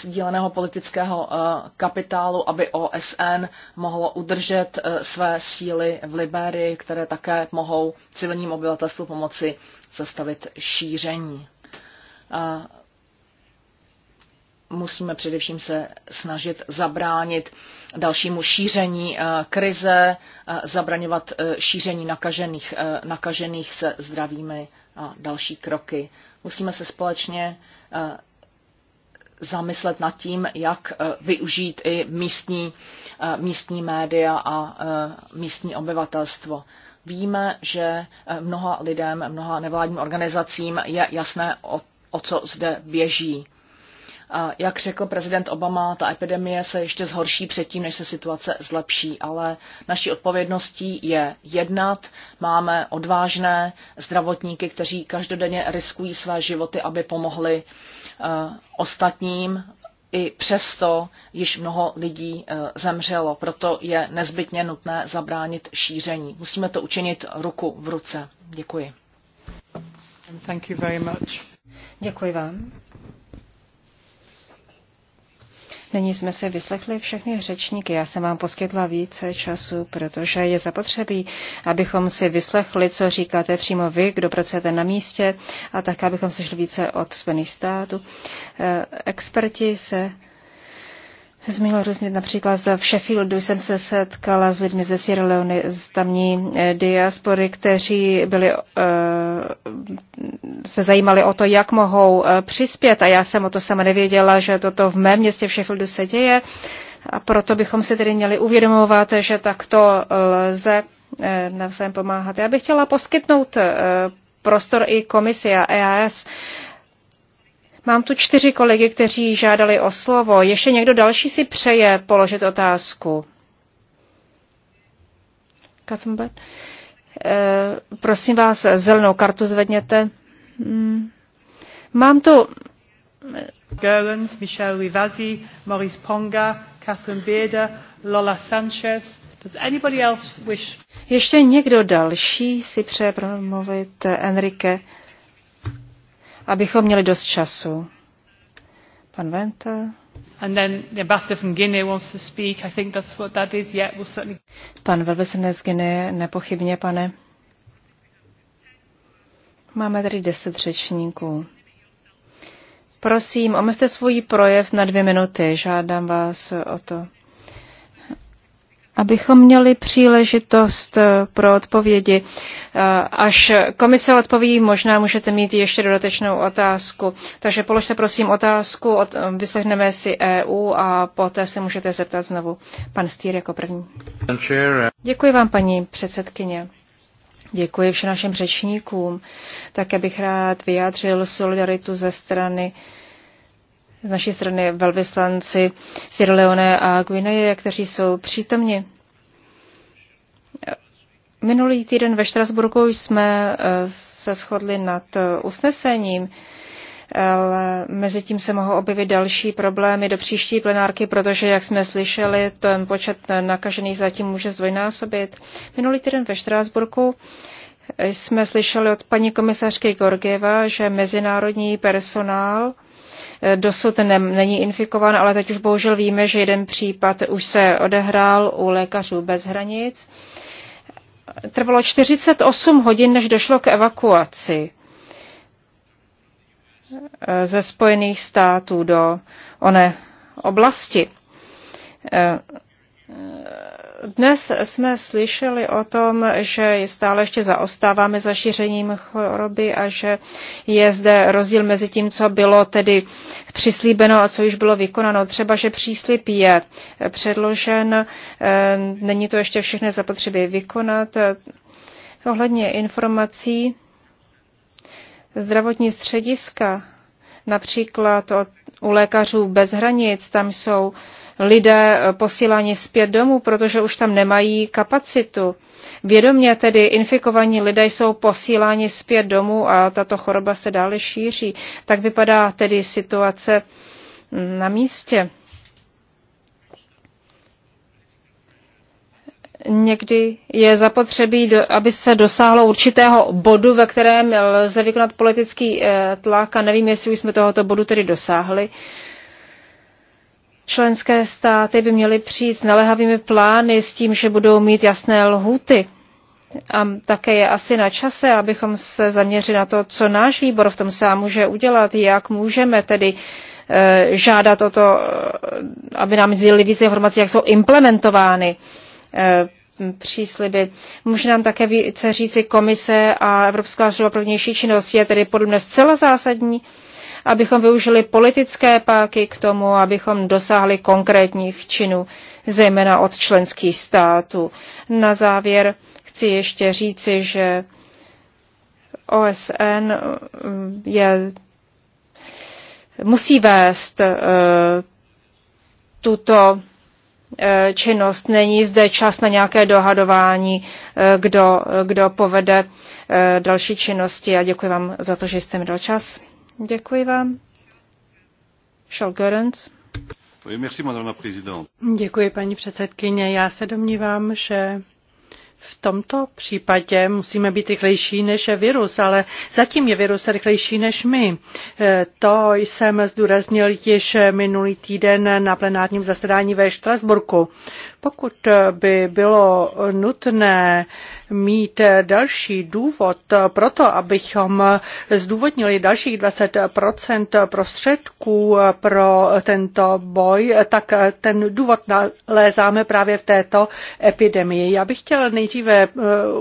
sdíleného politického kapitálu, aby OSN mohlo udržet své síly v Liberii, které také mohou civilním obyvatelstvu pomoci zastavit šíření musíme především se snažit zabránit dalšímu šíření eh, krize, eh, zabraňovat eh, šíření nakažených, nakažených se zdravými a další kroky. Musíme se společně zamyslet nad tím, jak využít i místní, místní média a místní obyvatelstvo. Víme, že mnoha lidem, mnoha nevládním organizacím je jasné, o, o co zde běží jak řekl prezident Obama, ta epidemie se ještě zhorší předtím, než se situace zlepší, ale naší odpovědností je jednat. Máme odvážné zdravotníky, kteří každodenně riskují své životy, aby pomohli eh, ostatním. I přesto již mnoho lidí eh, zemřelo, proto je nezbytně nutné zabránit šíření. Musíme to učinit ruku v ruce. Děkuji. Děkuji vám. Nyní jsme si vyslechli všechny řečníky. Já jsem vám poskytla více času, protože je zapotřebí, abychom si vyslechli, co říkáte přímo vy, kdo pracujete na místě, a tak, abychom sešli více od Spojených států. Eh, experti se zmínil různě, například v Sheffieldu jsem se setkala s lidmi ze Sierra Leone, z tamní eh, diaspory, kteří byli, eh, se zajímali o to, jak mohou eh, přispět a já jsem o to sama nevěděla, že toto v mém městě v Sheffieldu se děje a proto bychom si tedy měli uvědomovat, že takto lze navzájem pomáhat. Já bych chtěla poskytnout prostor i komisi a EAS Mám tu čtyři kolegy, kteří žádali o slovo. Ještě někdo další si přeje položit otázku? Katzenberg? Eh, prosím vás, zelenou kartu zvedněte. Hmm. Mám tu... Goerens, Michel Rivazi, Maurice Ponga, Catherine Bieda, Lola Sanchez. Does anybody else wish? Ještě někdo další si přeje promluvit Enrique abychom měli dost času. Pan Venter. And then the ambassador from Guinea wants to speak. I think that's what that is. Yeah, we'll certainly... Pan velvyslanec Guinea, nepochybně, pane. Máme tady deset řečníků. Prosím, omezte svůj projev na dvě minuty. Žádám vás o to abychom měli příležitost eh, pro odpovědi. Eh, až komise odpoví, možná můžete mít ještě dodatečnou otázku. Takže položte prosím otázku, eh, vyslechneme si EU a poté se můžete zeptat znovu. Pan Stýr jako první. Děkuji vám, paní předsedkyně. Děkuji všem našim řečníkům. Také bych rád vyjádřil solidaritu ze strany uh, z naší strany velvyslanci Sierra Leone a Guineje, kteří jsou přítomni. Minulý týden ve Štrasburku jsme eh, se shodli nad eh, usnesením, ale mezi tím se mohou objevit další problémy do příští plenárky, protože, jak jsme slyšeli, ten počet nakažených zatím může zdvojnásobit. Minulý týden ve Štrásburku jsme slyšeli od paní komisařky Gorgieva, že mezinárodní personál Eh, dosud ne, není infikován, ale teď už bohužel víme, že jeden případ už se odehrál u lékařů bez hranic. Trvalo 48 hodin, než došlo k evakuaci eh, ze Spojených států do oné oblasti eh, dnes jsme slyšeli o tom, že stále ještě zaostáváme za šířením choroby a že je zde rozdíl mezi tím, co bylo tedy přislíbeno a co již bylo vykonáno. Třeba, že příslip je předložen, eh, není to ještě všechny zapotřebí vykonat. Ohledně informací, zdravotní střediska, například od, u lékařů bez hranic, tam jsou uh, lidé eh, posíláni zpět domů, protože už tam nemají kapacitu. Vědomě tedy infikovaní lidé jsou posíláni zpět domů a tato choroba se dále šíří. Tak vypadá tedy situace mm, na místě. Někdy je zapotřebí, aby se dosáhlo určitého bodu, ve kterém lze vykonat politický eh, tlak a nevím, jestli už jsme tohoto bodu tedy dosáhli. Členské státy by měly přijít s naléhavými plány s tím, že budou mít jasné lhuty. A také je asi na čase, abychom se zaměřili na to, co náš výbor v tom sám může udělat, jak můžeme tedy eh, žádat o to, eh, aby nám sdělili více informací, jak jsou implementovány eh, přísliby. Může nám také více říci komise a Evropská služba pro vnější činnost je tedy podle mě zcela zásadní abychom využili politické páky k tomu, abychom dosáhli konkrétních činů, zejména od členských států. Na závěr chci ještě říci, že OSN eh, je, musí vést eh, tuto eh, činnost. Není zde čas na nějaké dohadování, kdo, kdo povede další činnosti. A děkuji vám za to, že jste mi dal čas. Děkuji vám. Charles Děkuji, paní předsedkyně. Já se domnívám, že v tomto případě musíme být rychlejší než virus, ale zatím je virus rychlejší než my. E, to jsem zdůraznil již minulý týden na plenárním zasedání ve Štrasburku. Pokud by bylo nutné mít další důvod pro to, abychom zdůvodnili dalších 20 prostředků pro tento boj, tak ten důvod nalézáme právě v této epidemii. Já bych chtěla nejdříve eh,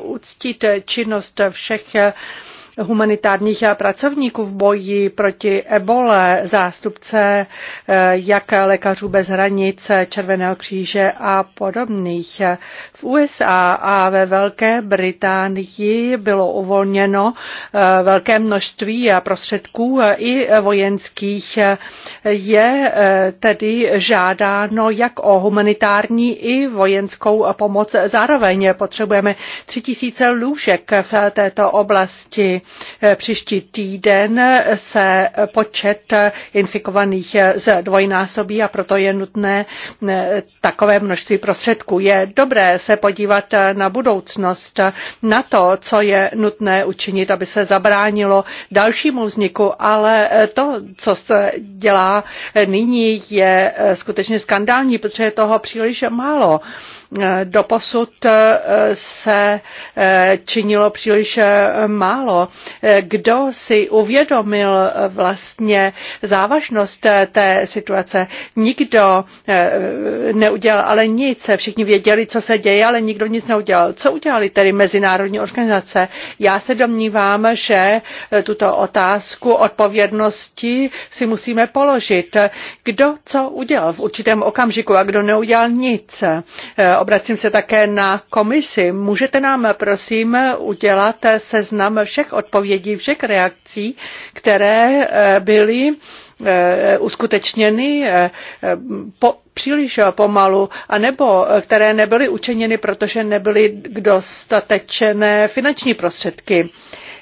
uctit činnost všech humanitárních pracovníků v boji proti ebole, zástupce eh, jak lékařů bez hranic, Červeného kříže a podobných. V USA a ve Velké Británii bylo uvolněno eh, velké množství prostředků eh, i vojenských. Je tedy žádáno jak o humanitární i vojenskou pomoc. Zároveň potřebujeme 3000 lůžek v této oblasti. Eh, příští týden se počet infikovaných zdvojnásobí a proto je nutné eh, takové množství prostředků. Je dobré se podívat na budoucnost, na to, co je nutné učinit, aby se zabránilo dalšímu vzniku, ale eh, to, co se dělá nyní, je skutečně skandální, protože je toho příliš málo. Eh, doposud eh, se eh, činilo příliš málo. Kdo si uvědomil vlastně závažnost té situace? Nikdo neudělal ale nic. Všichni věděli, co se děje, ale nikdo nic neudělal. Co udělali tedy mezinárodní organizace? Já se domnívám, že tuto otázku odpovědnosti si musíme položit. Kdo co udělal v určitém okamžiku a kdo neudělal nic? Obracím se také na komisi. Můžete nám prosím udělat seznam všech odpovědí, všech reakcí, které eh, byly eh, uskutečněny eh, po, příliš pomalu, anebo které nebyly učeněny, protože nebyly dostatečné finanční prostředky.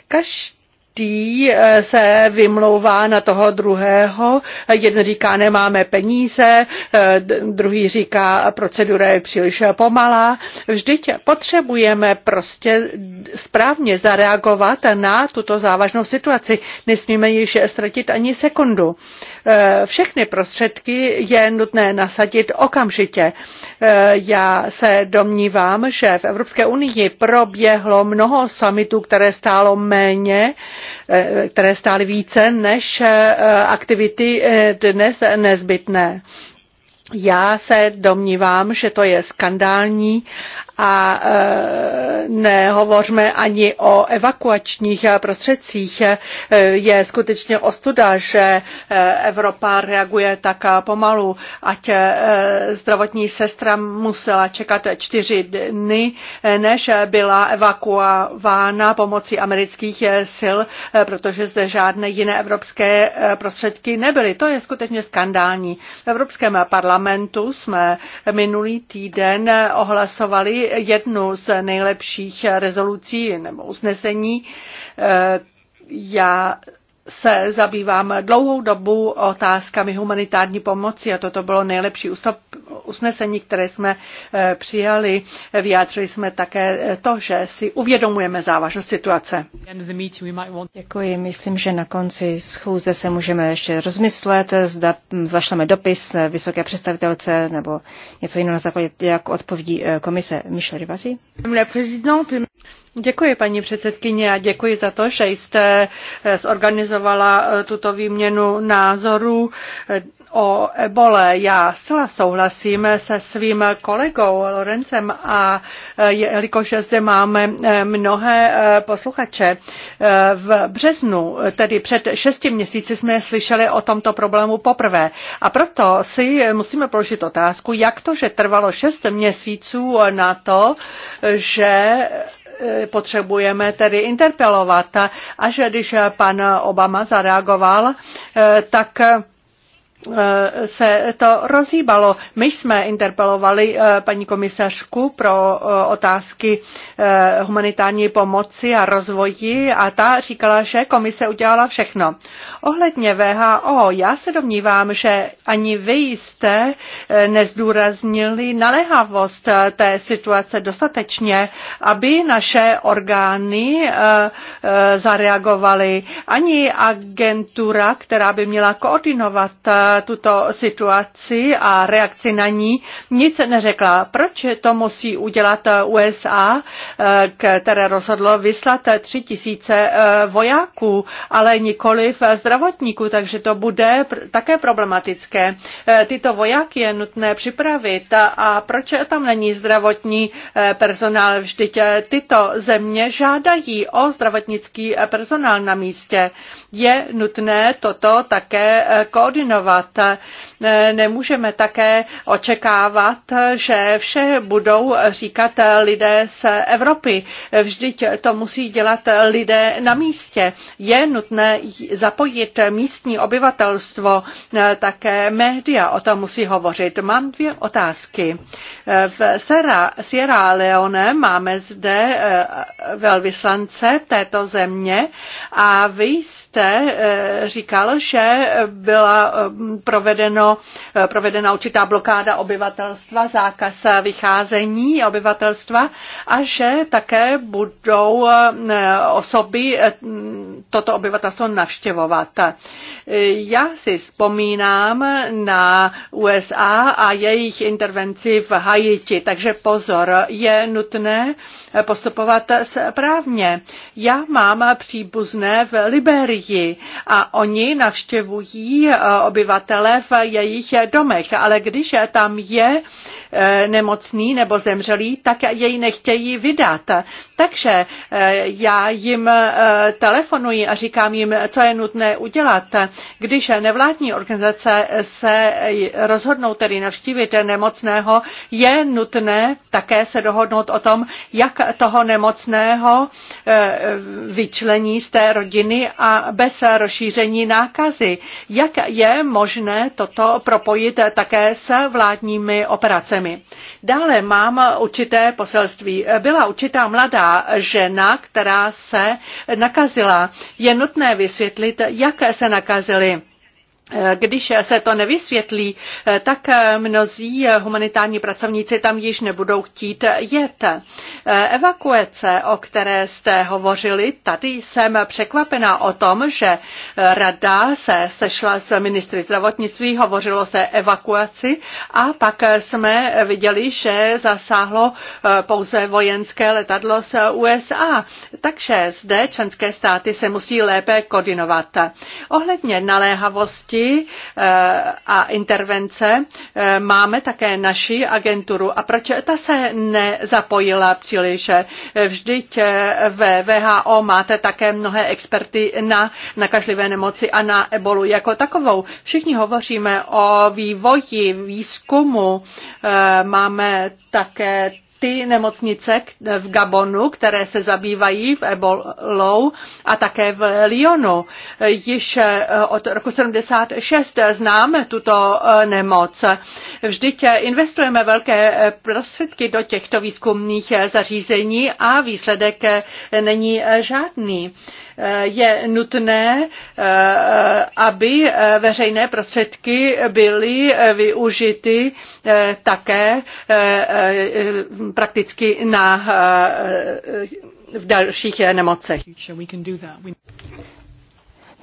Každý každý eh, se vymlouvá na toho druhého. Jeden říká, nemáme peníze, eh, druhý říká, procedura je příliš pomalá. Vždyť potřebujeme prostě správně zareagovat na tuto závažnou situaci. Nesmíme již ztratit ani sekundu. Eh, všechny prostředky je nutné nasadit okamžitě. Eh, já se domnívám, že v Evropské unii proběhlo mnoho summitů, které stálo méně, eh, které stály více než aktivity dnes nezbytné. Já se domnívám, že to je skandální a e, nehovořme ani o evakuačních prostředcích. E, je skutečně ostuda, že e, Evropa reaguje tak pomalu, ať zdravotní sestra musela čekat čtyři dny, než byla evakuována pomocí amerických sil, protože zde žádné jiné evropské prostředky nebyly. To je skutečně skandální. V Evropském parlamentu jsme minulý týden ohlasovali jednu z nejlepších rezolucí nebo usnesení. Eh, já se zabývám dlouhou dobu otázkami humanitární pomoci a toto bylo nejlepší usnesení, které jsme eh, přijali. Vyjádřili jsme také eh, to, že si uvědomujeme závažnost situace. Děkuji. Myslím, že na konci schůze se můžeme ještě rozmyslet, zda zašleme dopis vysoké představitelce nebo něco jiného na základě, jak odpovídí eh, komise Michel Rivasi. Děkuji, paní předsedkyně, a děkuji za to, že jste eh, zorganizovala eh, tuto výměnu názorů eh, o ebole. Já zcela souhlasím se svým kolegou Lorencem a jelikož zde máme mnohé posluchače, v březnu, tedy před šesti měsíci, jsme slyšeli o tomto problému poprvé. A proto si musíme položit otázku, jak to, že trvalo šest měsíců na to, že Eh, potřebujeme tedy interpelovat. A že když pan Obama zareagoval, eh, tak Eh, se to rozhýbalo. My jsme interpelovali eh, paní komisařku pro eh, otázky humanitární pomoci a rozvoji a ta říkala, že komise udělala všechno. Ohledně VHO, já se domnívám, že ani vy jste nezdůraznili naléhavost té situace dostatečně, aby naše orgány zareagovaly. Ani agentura, která by měla koordinovat tuto situaci a reakci na ní nic neřekla. Proč to musí udělat USA, eh, které rozhodlo vyslat tři tisíce eh, vojáků, ale nikoli v zdravotníků, takže to bude také problematické. Eh, tyto vojáky je nutné připravit a proč tam není zdravotní personál? Vždyť tyto země žádají o zdravotnický personál na místě je nutné toto také eh, koordinovat. Eh, nemůžeme také očekávat, že vše budou říkat eh, lidé z Evropy. Vždyť to musí dělat lidé na místě. Je nutné zapojit místní obyvatelstvo, také média o tom musí hovořit. Mám dvě otázky. V Sierra, Sierra Leone máme zde velvyslance této země a vy jste jste eh, říkal, že byla eh, provedeno, eh, provedena určitá blokáda obyvatelstva, zákaz vycházení obyvatelstva a že také budou osoby toto obyvatelstvo navštěvovat. Já si vzpomínám na USA a jejich intervenci v Haiti, takže pozor, je nutné postupovat správně. Já mám příbuzné v Liberii, ji a oni navštěvují eh, obyvatele v jejich domech, ale když tam je Eh, nemocný nebo zemřelý, tak jej nechtějí vydat. Takže eh, já jim eh, telefonuji a říkám jim, co je nutné udělat. Když nevládní organizace se rozhodnou tedy navštívit nemocného, je nutné také se dohodnout o tom, jak toho nemocného vyčlení z té rodiny a bez rozšíření nákazy. Jak je možné toto propojit také s vládními operacemi? zemi. Dále mám určité poselství. Byla určitá mladá žena, která se nakazila. Je nutné vysvětlit, jak se nakazili když se to nevysvětlí, tak mnozí humanitární pracovníci tam již nebudou chtít jet. Evakuace, o které jste hovořili, tady jsem překvapená o tom, že rada se sešla s ministry zdravotnictví, hovořilo se evakuaci a pak jsme viděli, že zasáhlo pouze vojenské letadlo z USA. Takže zde členské státy se musí lépe koordinovat. Ohledně naléhavosti činnosti eh, a intervence. Eh, máme také naši agenturu. A proč ta se nezapojila příliš? Eh, vždyť ve VHO máte také mnohé experty na nakažlivé nemoci a na ebolu jako takovou. Všichni hovoříme o vývoji, výzkumu. Máme také ty nemocnice v Gabonu, které se zabývají v ebolou a také v Lyonu. Již eh, od roku 76 známe tuto eh, nemoc. Vždyť eh, investujeme velké prostředky do těchto výzkumných zařízení a výsledek není žádný. Je nutné, eh, aby eh, veřejné prostředky byly eh, využity také prakticky na, v dalších nemocech.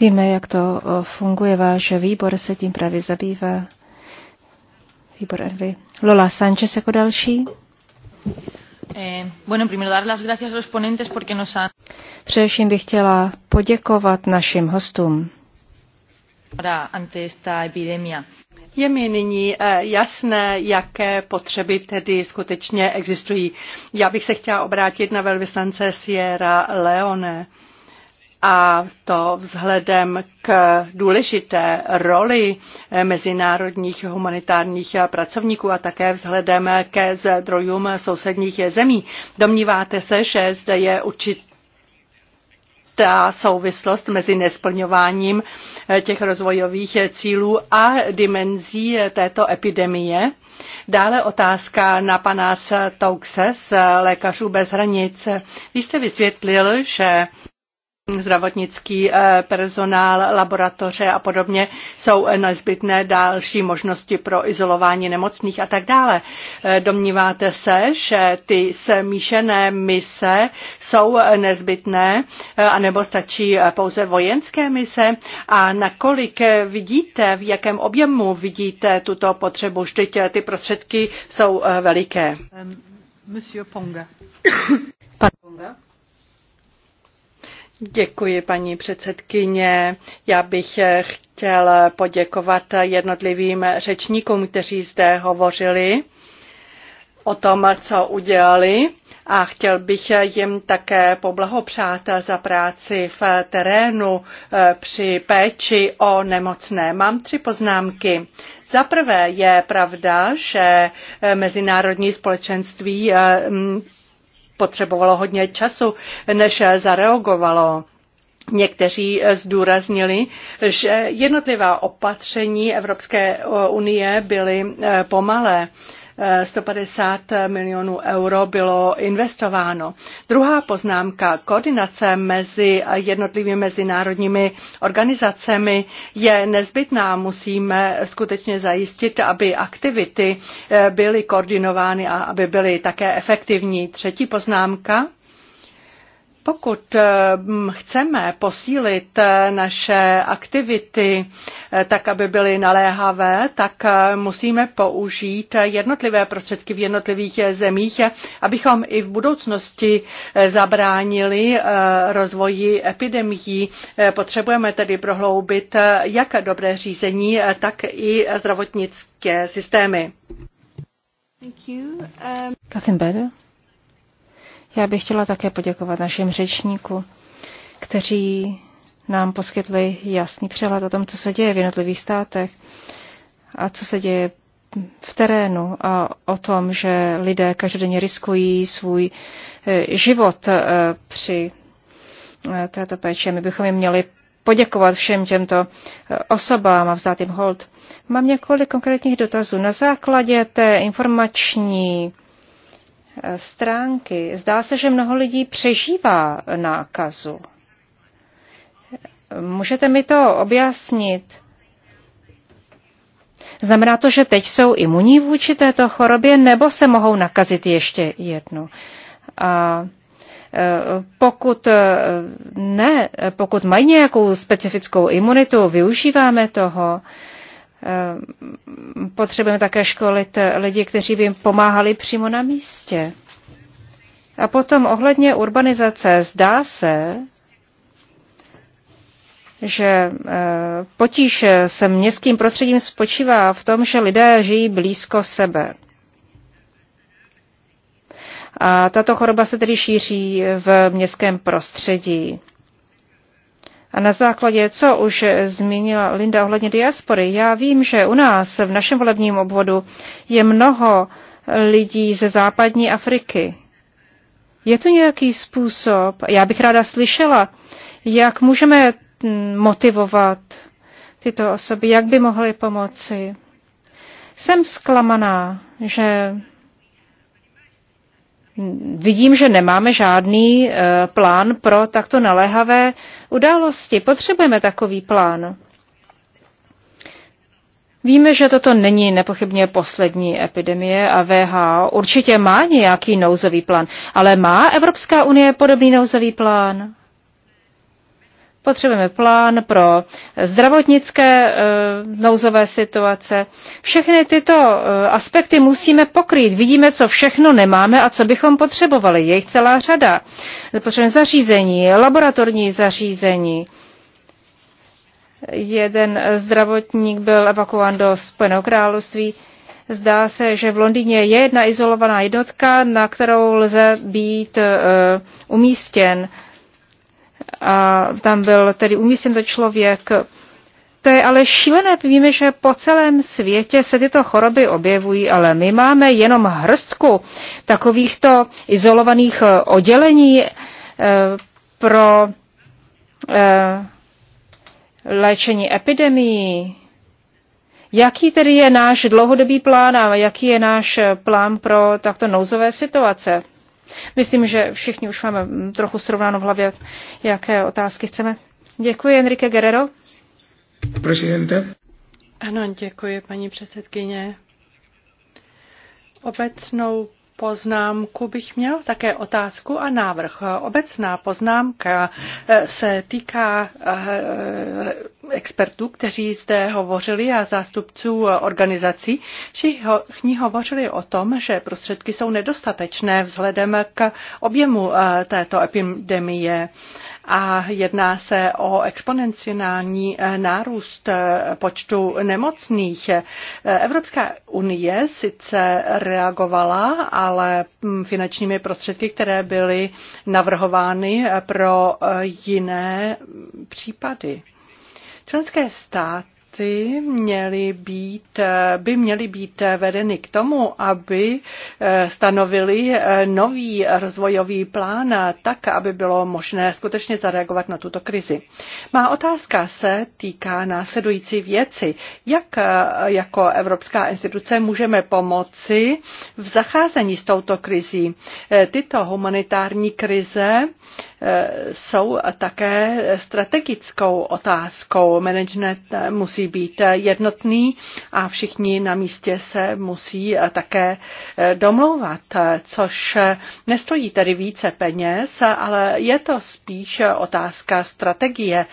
Víme, jak to funguje. Váš výbor se tím právě zabývá. Výbor Envy. Lola Sanchez jako další. Eh, Především bych chtěla poděkovat našim hostům. Je mi nyní eh, jasné, jaké potřeby tedy skutečně existují. Já bych se chtěla obrátit na velvyslance Sierra Leone a to vzhledem k důležité roli mezinárodních humanitárních pracovníků a také vzhledem ke zdrojům sousedních zemí. Domníváte se, že zde je určitě ta souvislost mezi nesplňováním těch rozvojových cílů a dimenzí této epidemie. Dále otázka na pana Toukse z Lékařů bez hranic. Vy jste vysvětlil, že zdravotnický eh, personál, laboratoře a podobně jsou nezbytné další možnosti pro izolování nemocných a tak dále. Eh, domníváte se, že ty smíšené mise jsou nezbytné, eh, anebo stačí pouze vojenské mise? A nakolik vidíte, v jakém objemu vidíte tuto potřebu? Vždyť ty prostředky jsou veliké. Monsieur Ponga. Pan Ponga. Děkuji, paní předsedkyně. Já bych chtěl poděkovat jednotlivým řečníkům, kteří zde hovořili o tom, co udělali. A chtěl bych jim také poblahopřát za práci v terénu eh, při péči o nemocné. Mám tři poznámky. Za prvé je pravda, že eh, mezinárodní společenství eh, potřebovalo hodně času, než zareagovalo. Někteří zdůraznili, že jednotlivá opatření Evropské unie byly pomalé. 150 milionů euro bylo investováno. Druhá poznámka, koordinace mezi jednotlivými mezinárodními organizacemi je nezbytná. Musíme skutečně zajistit, aby aktivity byly koordinovány a aby byly také efektivní. Třetí poznámka, pokud eh, chceme posílit eh, naše aktivity eh, tak, aby byly naléhavé, tak musíme použít jednotlivé prostředky v jednotlivých zemích, abychom i v budoucnosti zabránili rozvoji epidemií. Potřebujeme tedy prohloubit jak dobré řízení, tak i zdravotnické systémy. Thank you. Um... Já bych chtěla také poděkovat našim řečníku, kteří nám poskytli jasný přehled o tom, co se děje v jednotlivých státech a co se děje v terénu a o tom, že lidé každodenně riskují svůj eh, život eh, při eh, této péči. My bychom jim měli poděkovat všem těmto osobám a vzát jim hold. Mám několik konkrétních dotazů. Na základě té informační stránky. Zdá se, že mnoho lidí přežívá nákazu. Můžete mi to objasnit? Znamená to, že teď jsou imunní vůči této chorobě, nebo se mohou nakazit ještě jednu? A e, pokud e, ne, pokud mají nějakou specifickou imunitu, využíváme toho, Ehm, potřebujeme také školit lidi, kteří by jim pomáhali přímo na místě. A potom ohledně urbanizace zdá se, že e, potíž se městským prostředím spočívá v tom, že lidé žijí blízko sebe. A tato choroba se tedy šíří v městském prostředí. A na základě, co už zmínila Linda ohledně diaspory, já vím, že u nás v našem volebním obvodu je mnoho lidí ze západní Afriky. Je to nějaký způsob, já bych ráda slyšela, jak můžeme mm, motivovat tyto osoby, jak by mohly pomoci. Jsem zklamaná, že vidím, že nemáme žádný eh, plán pro takto naléhavé události. Potřebujeme takový plán. Víme, že toto není nepochybně poslední epidemie a VH určitě má nějaký nouzový plán, ale má Evropská unie podobný nouzový plán? Potřebujeme plán pro zdravotnické eh, nouzové situace. Všechny tyto eh, aspekty musíme pokrýt. Vidíme, co všechno nemáme a co bychom potřebovali. Je jich celá řada. Potřebujeme zařízení, laboratorní zařízení. Jeden zdravotník byl evakuován do Spojeného království. Zdá se, že v Londýně je jedna izolovaná jednotka, na kterou lze být eh, umístěn a tam byl tedy umístěn to člověk. To je ale šílené, víme, že po celém světě se tyto choroby objevují, ale my máme jenom hrstku takovýchto izolovaných eh, oddělení eh, pro eh, léčení epidemií. Jaký tedy je náš dlouhodobý plán a jaký je náš plán pro takto nouzové situace? Myslím, že všichni už máme trochu srovnáno v hlavě, jaké otázky chceme. Děkuji, Enrique Guerrero. Prezidente. Ano, děkuji, paní předsedkyně. Obecnou poznámku bych měl také otázku a návrh. Obecná poznámka eh, se týká eh, expertů, kteří zde hovořili a zástupců eh, organizací. Všichni hovořili o tom, že prostředky jsou nedostatečné vzhledem k objemu této epidemie a jedná se o exponenciální eh, nárůst eh, počtu nemocných. Eh, Evropská unie sice reagovala, ale mm, finančními prostředky, které byly navrhovány pro jiné mm, případy. Členské státy cesty měly být, by měly být vedeny k tomu, aby eh, stanovili eh, nový rozvojový plán tak, aby bylo možné skutečně zareagovat na tuto krizi. Má otázka se týká následující věci. Jak eh, jako Evropská instituce můžeme pomoci v zacházení s touto krizí? Tyto humanitární krize jsou také strategickou otázkou. Management musí být jednotný a všichni na místě se musí také domlouvat, což nestojí tedy více peněz, ale je to spíš otázka strategie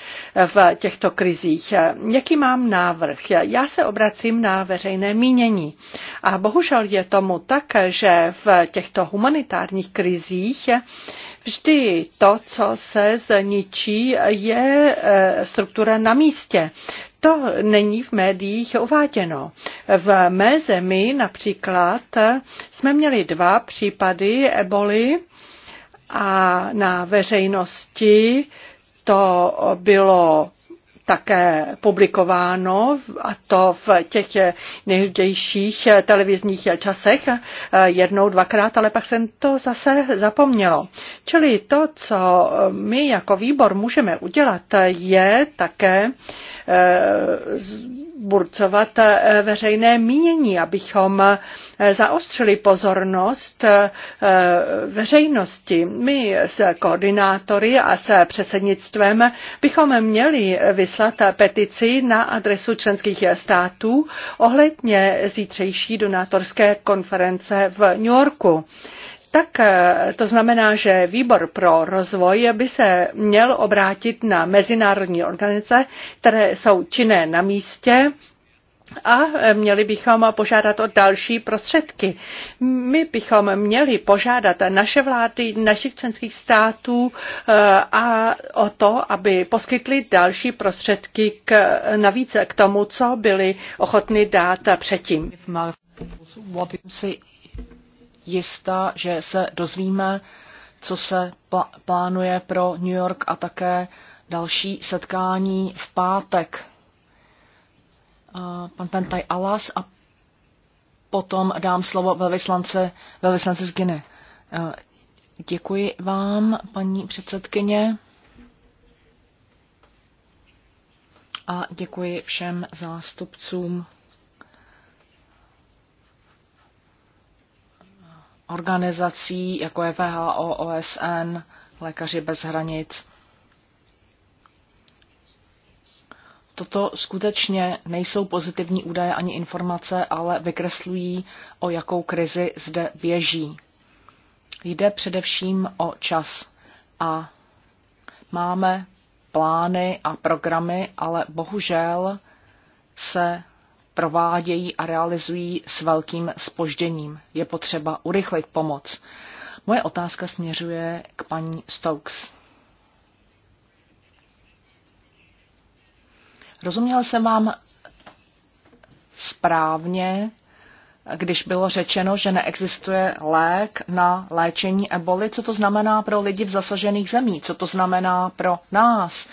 v těchto krizích. Jaký mám návrh? Já se obracím na veřejné mínění. A bohužel je tomu tak, že v těchto humanitárních krizích Vždy to, co se zničí, je e, struktura na místě. To není v médiích uváděno. V mé zemi například jsme měli dva případy eboli a na veřejnosti to bylo také publikováno, a to v těch nejdějších televizních časech eh, jednou, dvakrát, ale pak jsem to zase zapomnělo. Čili to, co my jako výbor můžeme udělat, je také Eh, burcovat eh, veřejné mínění, abychom eh, zaostřili pozornost veřejnosti. My s koordinátory a s předsednictvem bychom měli vyslat petici na adresu členských států ohledně zítřejší donátorské konference v New Yorku tak eh, to znamená, že výbor pro rozvoj by se měl obrátit na mezinárodní organizace, které jsou činné na místě, a eh, měli bychom požádat o další prostředky. My bychom měli požádat naše vlády našich členských států eh, a o to, aby poskytli další prostředky k, navíc k tomu, co byli ochotni dát předtím jistá, že se dozvíme, co se pl- plánuje pro New York a také další setkání v pátek. Pan Pentaj Alas a potom dám slovo velvyslance, velvyslance z Gine. Děkuji vám, paní předsedkyně. A děkuji všem zástupcům organizací, jako je VHO, OSN, Lékaři bez hranic. Toto skutečně nejsou pozitivní údaje ani informace, ale vykreslují, o jakou krizi zde běží. Jde především o čas a máme plány a programy, ale bohužel se provádějí a realizují s velkým spožděním. Je potřeba urychlit pomoc. Moje otázka směřuje k paní Stokes. Rozuměl jsem vám správně, když bylo řečeno, že neexistuje lék na léčení eboli, co to znamená pro lidi v zasažených zemích? co to znamená pro nás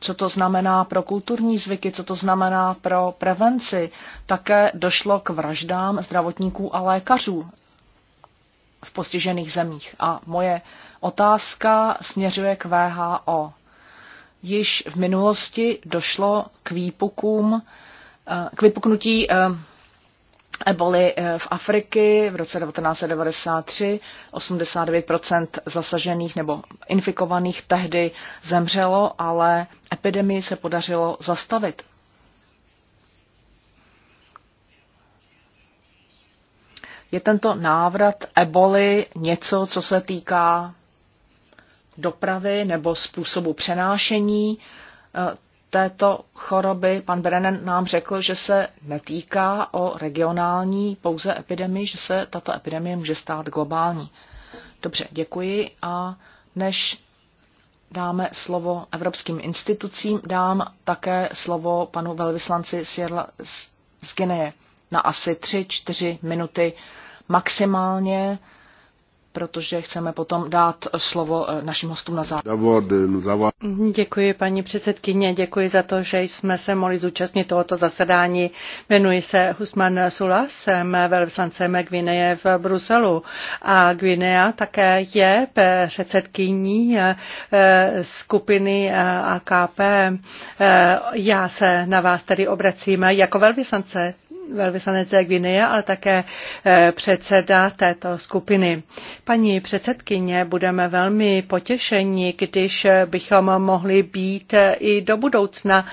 co to znamená pro kulturní zvyky, co to znamená pro prevenci. Také došlo k vraždám zdravotníků a lékařů v postižených zemích. A moje otázka směřuje k VHO. Již v minulosti došlo k výpukům, eh, k vypuknutí eh, eboli eh, v Afriky v roce 1993 89% zasažených nebo infikovaných tehdy zemřelo, ale epidemii se podařilo zastavit. Je tento návrat eboli něco, co se týká dopravy nebo způsobu přenášení eh, této choroby pan Brennan nám řekl, že se netýká o regionální pouze epidemii, že se tato epidemie může stát globální. Dobře, děkuji a než dáme slovo evropským institucím, dám také slovo panu velvyslanci Sierla z Gineje na asi 3-4 minuty maximálně protože chceme potom dát slovo e, našim hostům na závěr. Děkuji, paní předsedkyně, děkuji za to, že jsme se mohli zúčastnit tohoto zasedání. Jmenuji se Husman Sula, jsem velvyslancem Gvineje v Bruselu a Gvinea také je předsedkyní e, skupiny e, AKP. Já se na vás tedy obracím jako velvyslance velvyslanec Gvineje, ale také eh, předseda této skupiny. Paní předsedkyně, budeme velmi potěšeni, když eh, bychom mohli být eh, i do budoucna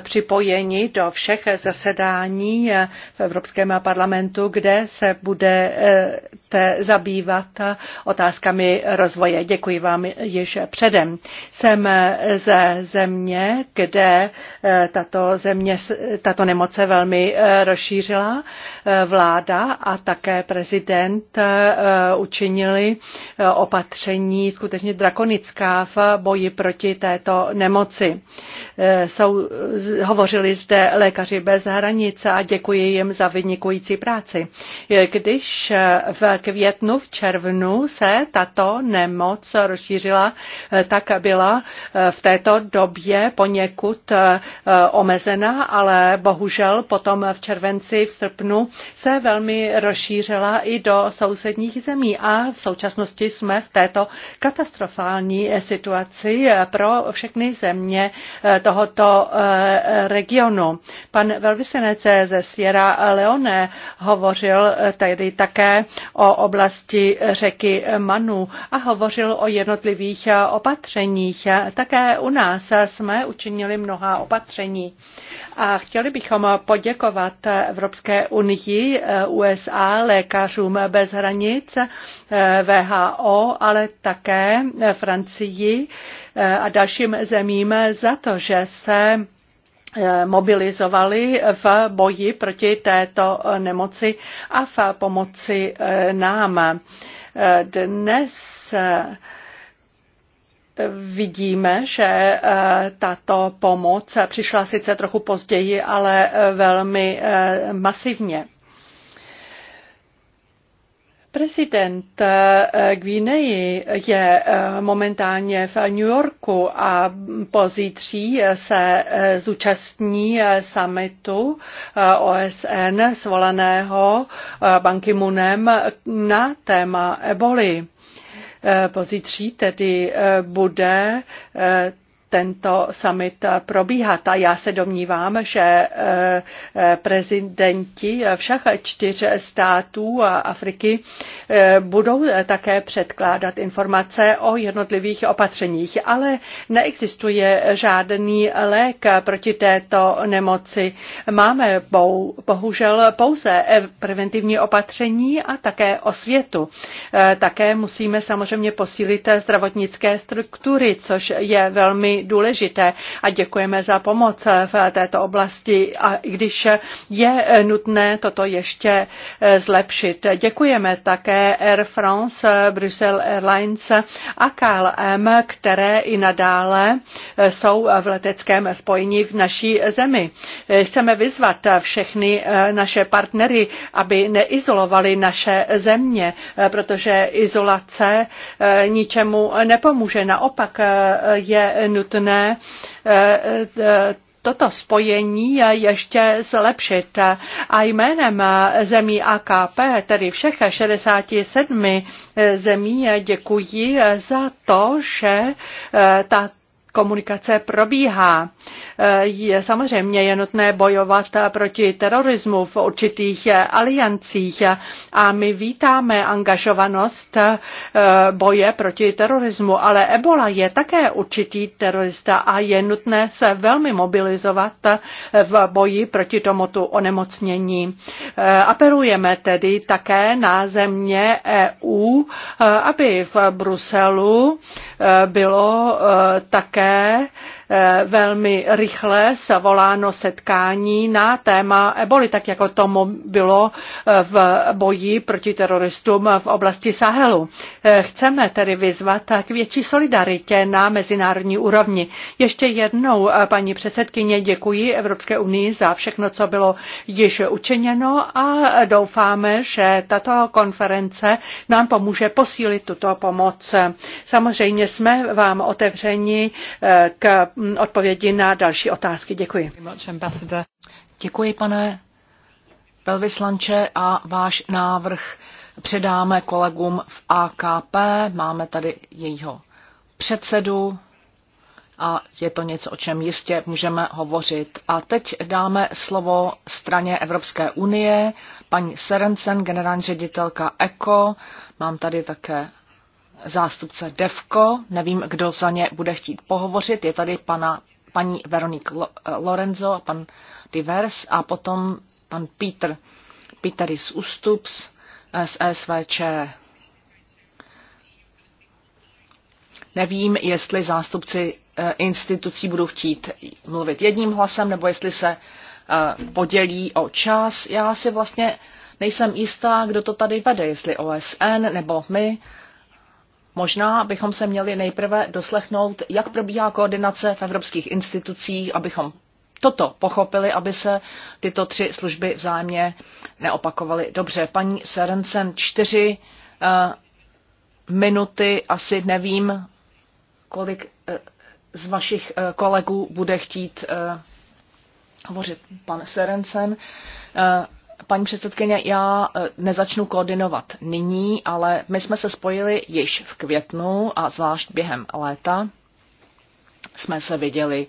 připojeni do všech zasedání v Evropském parlamentu, kde se budete zabývat otázkami rozvoje. Děkuji vám již předem. Jsem ze země, kde tato, země, tato nemoc velmi rozšířila rozšířila. Eh, vláda a také prezident eh, učinili eh, opatření skutečně drakonická v boji proti této nemoci. Jsou, hovořili zde lékaři bez hranice a děkuji jim za vynikující práci. Když v květnu, v červnu se tato nemoc rozšířila, tak byla v této době poněkud omezená, ale bohužel potom v červenci konci v srpnu se velmi rozšířila i do sousedních zemí a v současnosti jsme v této katastrofální situaci pro všechny země eh, tohoto eh, regionu. Pan velvyslanec ze Sierra Leone hovořil eh, tedy také o oblasti řeky Manu a hovořil o jednotlivých opatřeních. Také u nás jsme učinili mnoha opatření a chtěli bychom poděkovat Evropské unii, eh, USA, lékařům bez hranic, eh, VHO, ale také eh, Francii a dalším zemím za to, že se mobilizovali v boji proti této nemoci a v pomoci nám. Dnes Vidíme, že eh, tato pomoc přišla sice trochu později, ale eh, velmi eh, masivně. Prezident Gvineji je momentálně v New Yorku a pozítří se zúčastní summitu OSN zvoleného Banky Munem na téma eboli. Eh, pozítří tedy eh, bude eh, tento summit eh, probíhat. A já se domnívám, že eh, eh, prezidenti všech čtyř států Afriky budou také předkládat informace o jednotlivých opatřeních, ale neexistuje žádný lék proti této nemoci. Máme bohužel pouze preventivní opatření a také osvětu. Také musíme samozřejmě posílit zdravotnické struktury, což je velmi důležité a děkujeme za pomoc v této oblasti, a i když je nutné toto ještě eh, zlepšit. Děkujeme také Air France, Brussels Airlines a KLM, které i nadále eh, jsou v leteckém spojení v naší zemi. Eh, chceme vyzvat všechny naše partnery, aby neizolovali naše země, protože izolace ničemu nepomůže. Naopak je nutné nutné eh, eh, toto spojení ještě zlepšit. A jménem zemí AKP, tedy všech 67 eh, zemí, děkuji za to, že tato komunikace probíhá. Eh, samozřejmě je nutné bojovat eh, proti terorismu v určitých eh, aliancích a my vítáme angažovanost boje proti terorismu, ale Ebola je také určitý terorista a je nutné se velmi mobilizovat v boji proti tomuto onemocnění. Apelujeme tedy také na země EU, aby v Bruselu Eh, bylo eh, také Eh, velmi rychle svoláno setkání na téma eboli, tak jako tomu bylo eh, v boji proti teroristům v oblasti Sahelu. Eh, chceme tedy vyzvat k větší solidaritě na mezinárodní úrovni. Ještě jednou, paní předsedkyně, děkuji Evropské unii za všechno, co bylo již učiněno a doufáme, že tato konference nám pomůže posílit tuto pomoc. Samozřejmě jsme vám otevřeni k Mm, odpovědi na další otázky. Děkuji. Děkuji, pane velvyslanče, a váš návrh předáme kolegům v AKP. Máme tady jejího předsedu a je to něco, o čem jistě můžeme hovořit. A teď dáme slovo straně Evropské unie, paní Serencen, generální ředitelka ECO. Mám tady také zástupce DEVKO, nevím, kdo za ně bude chtít pohovořit. Je tady pana, paní Veronik Lorenzo, a pan Divers a potom pan Peter, Peteris Ustups eh, z SVČ. Nevím, jestli zástupci eh, institucí budou chtít mluvit jedním hlasem, nebo jestli se eh, podělí o čas. Já si vlastně nejsem jistá, kdo to tady vede, jestli OSN nebo my. Možná bychom se měli nejprve doslechnout, jak probíhá koordinace v evropských institucích, abychom toto pochopili, aby se tyto tři služby vzájemně neopakovaly. Dobře, paní Serencen, čtyři uh, minuty, asi nevím, kolik uh, z vašich uh, kolegů bude chtít uh, hovořit pan Serencen. Uh, paní předsedkyně, já e, nezačnu koordinovat nyní, ale my jsme se spojili již v květnu a zvlášť během léta jsme se viděli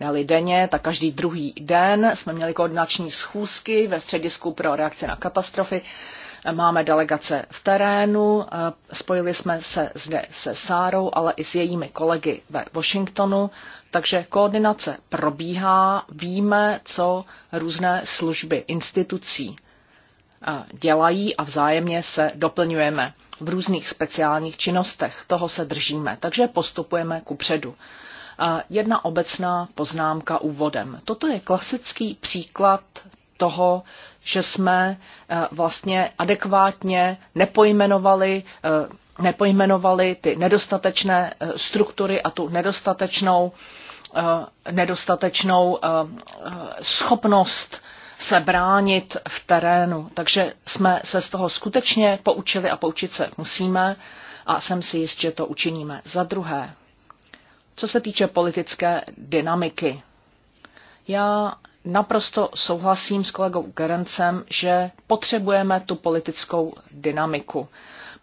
ne denně, tak každý druhý den jsme měli koordinační schůzky ve středisku pro reakci na katastrofy. E, máme delegace v terénu, e, spojili jsme se zde se Sárou, ale i s jejími kolegy ve Washingtonu takže koordinace probíhá, víme, co různé služby institucí eh, dělají a vzájemně se doplňujeme v různých speciálních činnostech. Toho se držíme, takže postupujeme ku předu. Eh, jedna obecná poznámka úvodem. Toto je klasický příklad toho, že jsme eh, vlastně adekvátně nepojmenovali nepojmenovali ty nedostatečné eh, struktury a tu nedostatečnou, eh, nedostatečnou eh, schopnost se bránit v terénu. Takže jsme se z toho skutečně poučili a poučit se musíme a jsem si jist, že to učiníme. Za druhé, co se týče politické dynamiky, já naprosto souhlasím s kolegou Gerencem, že potřebujeme tu politickou dynamiku.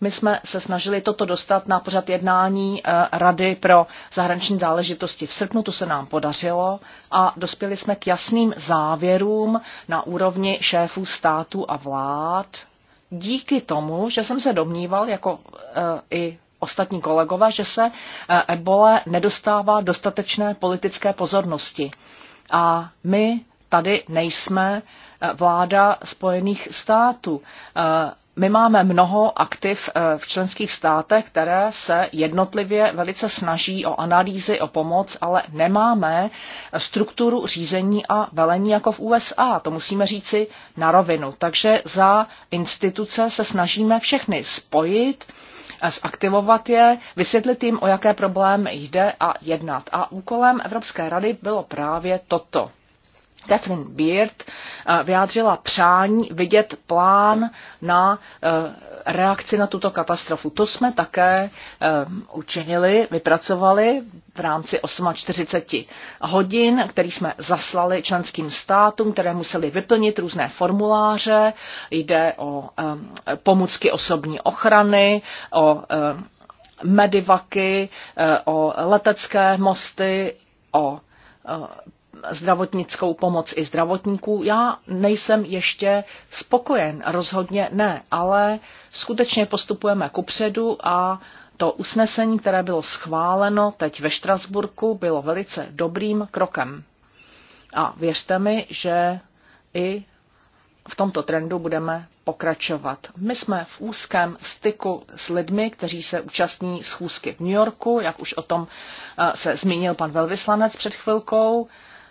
My jsme se snažili toto dostat na pořad jednání eh, Rady pro zahraniční záležitosti v srpnu, to se nám podařilo a dospěli jsme k jasným závěrům na úrovni šéfů států a vlád. Díky tomu, že jsem se domníval, jako eh, i ostatní kolegové, že se eh, ebole nedostává dostatečné politické pozornosti. A my tady nejsme vláda Spojených států. Eh, my máme mnoho aktiv eh, v členských státech, které se jednotlivě velice snaží o analýzy, o pomoc, ale nemáme strukturu řízení a velení jako v USA. To musíme říci na rovinu. Takže za instituce se snažíme všechny spojit, zaktivovat je, vysvětlit jim, o jaké problémy jde a jednat. A úkolem Evropské rady bylo právě toto. Catherine Beard eh, vyjádřila přání vidět plán na eh, reakci na tuto katastrofu. To jsme také eh, učinili, vypracovali v rámci 48 hodin, který jsme zaslali členským státům, které museli vyplnit různé formuláře. Jde o pomůcky osobní ochrany, o medivaky, o letecké mosty, o zdravotnickou pomoc i zdravotníků. Já nejsem ještě spokojen, rozhodně ne, ale skutečně postupujeme kupředu a to usnesení, které bylo schváleno teď ve Štrasburku, bylo velice dobrým krokem. A věřte mi, že i v tomto trendu budeme pokračovat. My jsme v úzkém styku s lidmi, kteří se účastní schůzky v New Yorku, jak už o tom eh, se zmínil pan velvyslanec před chvilkou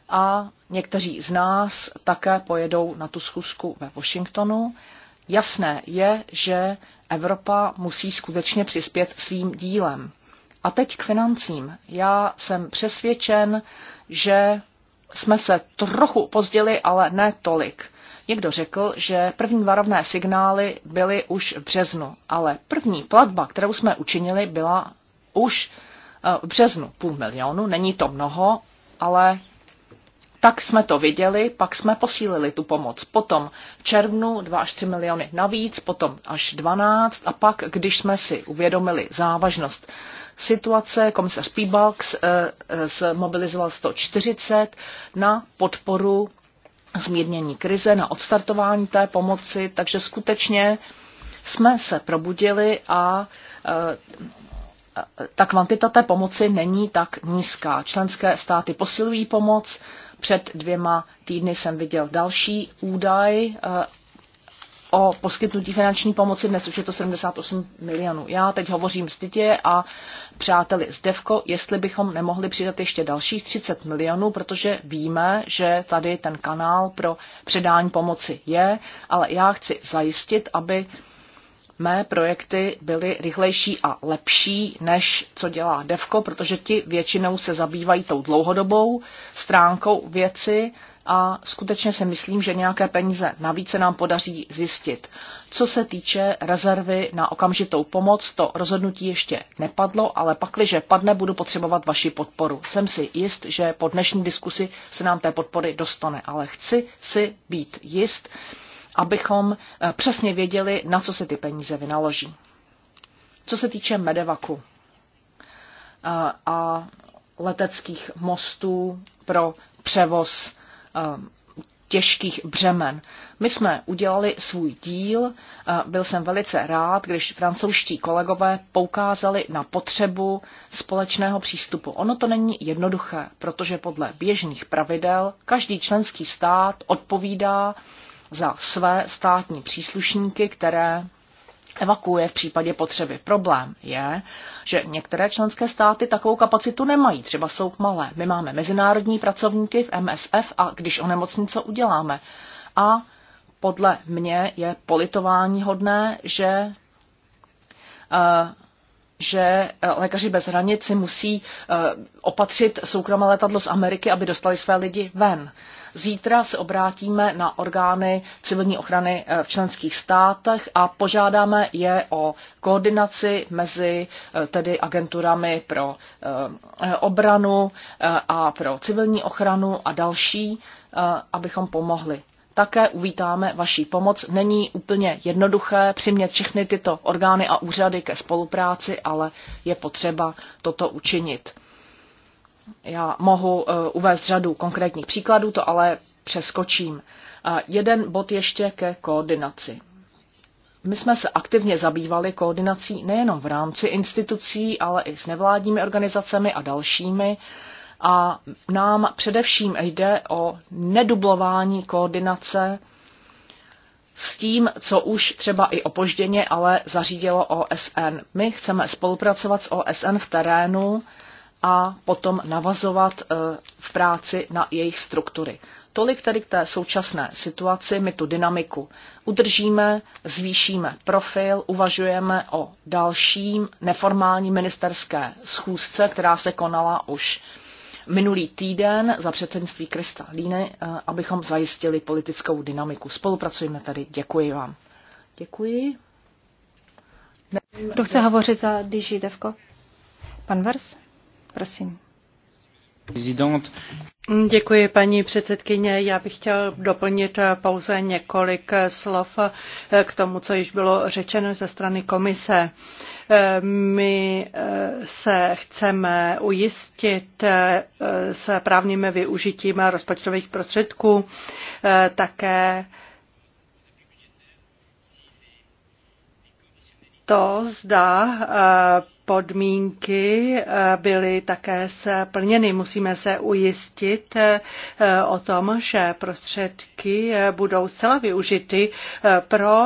a někteří z nás také pojedou na tu schůzku ve Washingtonu. Jasné je, že Evropa musí skutečně přispět svým dílem. A teď k financím. Já jsem přesvědčen, že jsme se trochu pozděli, ale ne tolik. Někdo řekl, že první varovné signály byly už v březnu, ale první platba, kterou jsme učinili, byla už eh, v březnu půl milionu. Není to mnoho, ale tak jsme to viděli, pak jsme posílili tu pomoc. Potom v červnu 2 až 3 miliony navíc, potom až 12 a pak, když jsme si uvědomili závažnost situace, komisař Pibalks eh, eh, zmobilizoval 140 na podporu zmírnění krize, na odstartování té pomoci, takže skutečně jsme se probudili a eh, ta kvantita té pomoci není tak nízká. Členské státy posilují pomoc, před dvěma týdny jsem viděl další údaj eh, o poskytnutí finanční pomoci, dnes už je to 78 milionů. Já teď hovořím s Titě a přáteli z Devko, jestli bychom nemohli přidat ještě dalších 30 milionů, protože víme, že tady ten kanál pro předání pomoci je, ale já chci zajistit, aby uh, mé projekty byly rychlejší a lepší, než co dělá DEVKO, protože ti většinou se zabývají tou dlouhodobou stránkou věci a skutečně si myslím, že nějaké peníze navíc se nám podaří zjistit. Co se týče rezervy na okamžitou pomoc, to rozhodnutí ještě nepadlo, ale pakliže padne, budu potřebovat vaši podporu. Jsem si jist, že po dnešní diskusi se nám té podpory dostane, ale chci si být jist, abychom eh, přesně věděli, na co se ty peníze vynaloží. Co se týče medevaku eh, a leteckých mostů pro převoz eh, těžkých břemen. My jsme udělali svůj díl, byl jsem velice rád, když francouzští kolegové poukázali na potřebu společného přístupu. Ono to není jednoduché, protože podle běžných pravidel každý členský stát odpovídá za své státní příslušníky, které evakuuje v případě potřeby. Problém je, že některé členské státy takovou kapacitu nemají, třeba jsou malé. My máme mezinárodní pracovníky v MSF a když onemocní, co uděláme? A podle mě je politování hodné, že eh, že eh, lékaři bez hranici musí eh, opatřit soukromé letadlo z Ameriky, aby dostali své lidi ven. Zítra se obrátíme na orgány civilní ochrany eh, v členských státech a požádáme je o koordinaci mezi eh, tedy agenturami pro eh, obranu a pro civilní ochranu a další, abychom pomohli také uvítáme vaší pomoc. Není úplně jednoduché přimět všechny tyto orgány a úřady ke spolupráci, ale je potřeba toto učinit. Já mohu eh, uvést řadu konkrétních příkladů, to ale přeskočím. Jeden bod ještě ke koordinaci. My jsme se aktivně zabývali koordinací nejenom v rámci institucí, ale i s nevládními organizacemi a dalšími. A nám především jde o nedublování koordinace s tím, co už třeba i opožděně, ale zařídilo OSN. My chceme spolupracovat s OSN v terénu a potom navazovat eh, v práci na jejich struktury. Tolik tedy k té současné situaci, my tu dynamiku udržíme, zvýšíme profil, uvažujeme o dalším neformální ministerské schůzce, která se konala už minulý týden za předsednictví Krista Líny, eh, abychom zajistili politickou dynamiku. Spolupracujeme tady, děkuji vám. Děkuji. Kdo chce hovořit za DigiDevko? Pan Vers? Prosím. Děkuji, paní předsedkyně. Já bych chtěl doplnit pouze několik slov k tomu, co již bylo řečeno ze strany komise. My se chceme ujistit s právním využitím rozpočtových prostředků také to, zda podmínky eh, byly také splněny. Musíme se ujistit eh, o tom, že prostředky eh, budou zcela využity pro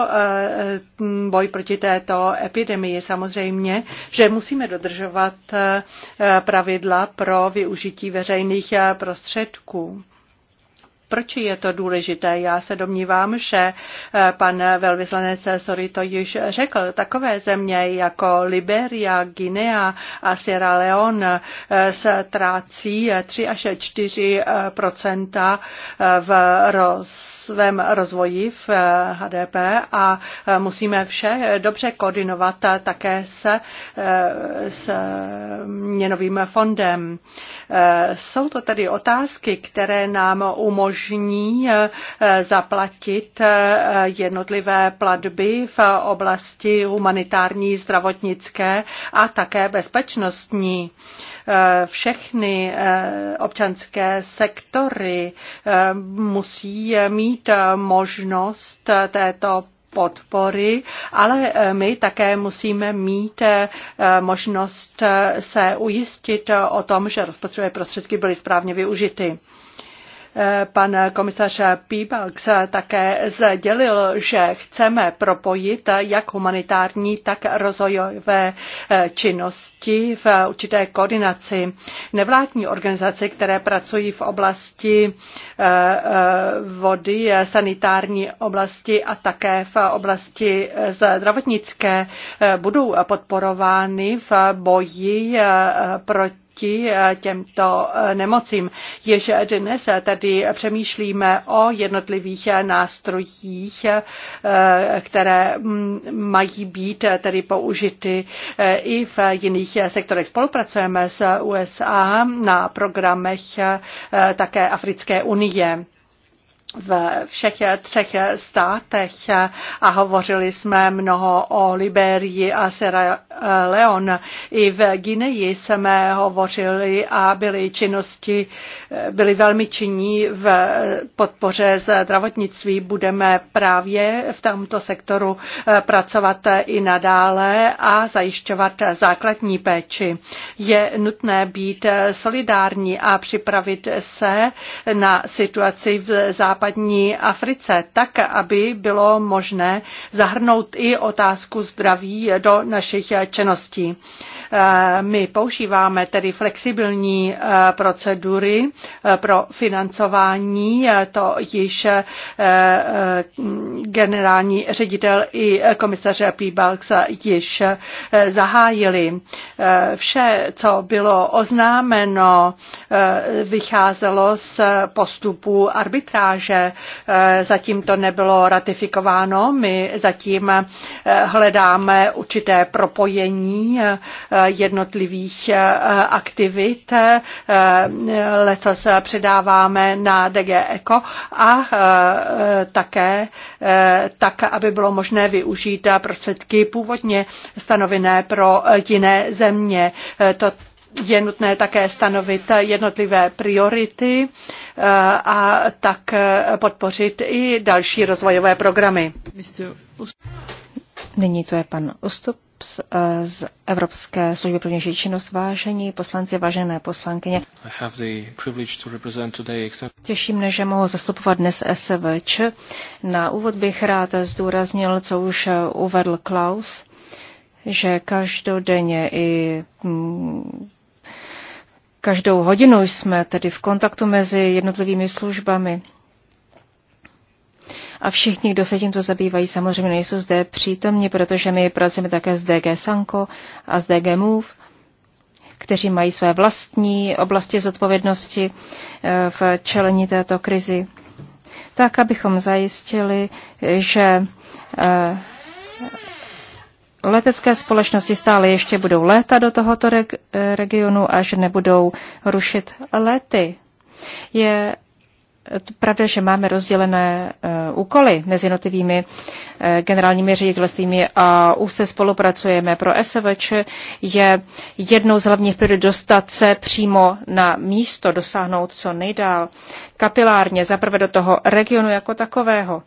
boj proti této epidemii. Samozřejmě, že musíme dodržovat pravidla pro využití veřejných prostředků. Proč je to důležité? Já se domnívám, že eh, pan velvyslanec Sory to již řekl. Takové země jako Liberia, Guinea a Sierra Leone ztrácí eh, 3 eh, až 4 v roz svém rozvoji v HDP a musíme vše dobře koordinovat také se s měnovým fondem. Jsou to tedy otázky, které nám umožňují možní eh, zaplatit eh, jednotlivé platby v oblasti humanitární, zdravotnické a také bezpečnostní. Eh, všechny občanské sektory musí mít možnost této podpory, ale my také musíme mít možnost se ujistit o tom, že rozpočtové prostředky byly správně využity. Pan komisař Piebalgs také sdělil, že chceme propojit jak humanitární, tak rozvojové eh, činnosti v určité koordinaci. Nevládní organizace, které pracují v oblasti eh, eh, vody, sanitární oblasti a také v oblasti zdravotnické, budou podporovány v boji proti proti eh, těmto eh, nemocím. Již dnes tady přemýšlíme o jednotlivých eh, nástrojích, které mm, mají být tedy použity i v jiných sektorech. Spolupracujeme s USA na programech také Africké unie ve všech třech státech a hovořili jsme mnoho o Liberii a Sierra Leon. I v Gineji jsme hovořili a byly činnosti, byly velmi činní v podpoře zdravotnictví. Budeme právě v tomto sektoru pracovat i nadále a zajišťovat základní péči. Je nutné být solidární a připravit se na situaci v západě západní Africe, tak aby bylo možné zahrnout i otázku zdraví do našich činností. Eh, my používáme tedy flexibilní eh, procedury eh, pro financování, to již generální ředitel i komisař Píbalks již zahájili. Vše, co bylo oznámeno, vycházelo z postupu arbitráže. Zatím to nebylo ratifikováno. My zatím hledáme určité propojení jednotlivých eh, aktivit. Eh, letos předáváme na DG Eco a eh, také tak, aby bylo možné využít prostředky původně stanovené pro jiné země. To je nutné také stanovit jednotlivé priority a tak podpořit i další rozvojové programy. Nyní to je pan Ostup. Forbes eh, z Evropské služby pro vnější činnost. Vážení poslanci, vážené poslankyně, Těším mne, že mohu zastupovat dnes SVČ. Na úvod bych rád zdůraznil, co už eh, uvedl Klaus, že každodenně i mm, každou hodinu jsme tedy v kontaktu mezi jednotlivými službami a všichni, kdo se tímto zabývají, samozřejmě nejsou zde přítomni, protože my pracujeme také s DG Sanko a s DG Move, kteří mají své vlastní oblasti zodpovědnosti eh, v čelení této krizi, tak abychom zajistili, že eh, letecké společnosti stále ještě budou létat do tohoto regionu a že nebudou rušit lety. Je pravda, že máme rozdělené eh, úkoly mezi jednotlivými eh, generálními ředitelstvími a už se spolupracujeme. Pro SVČ je jednou z hlavních priorit dostat se přímo na místo, dosáhnout co nejdál kapilárně, zaprvé do toho regionu jako takového.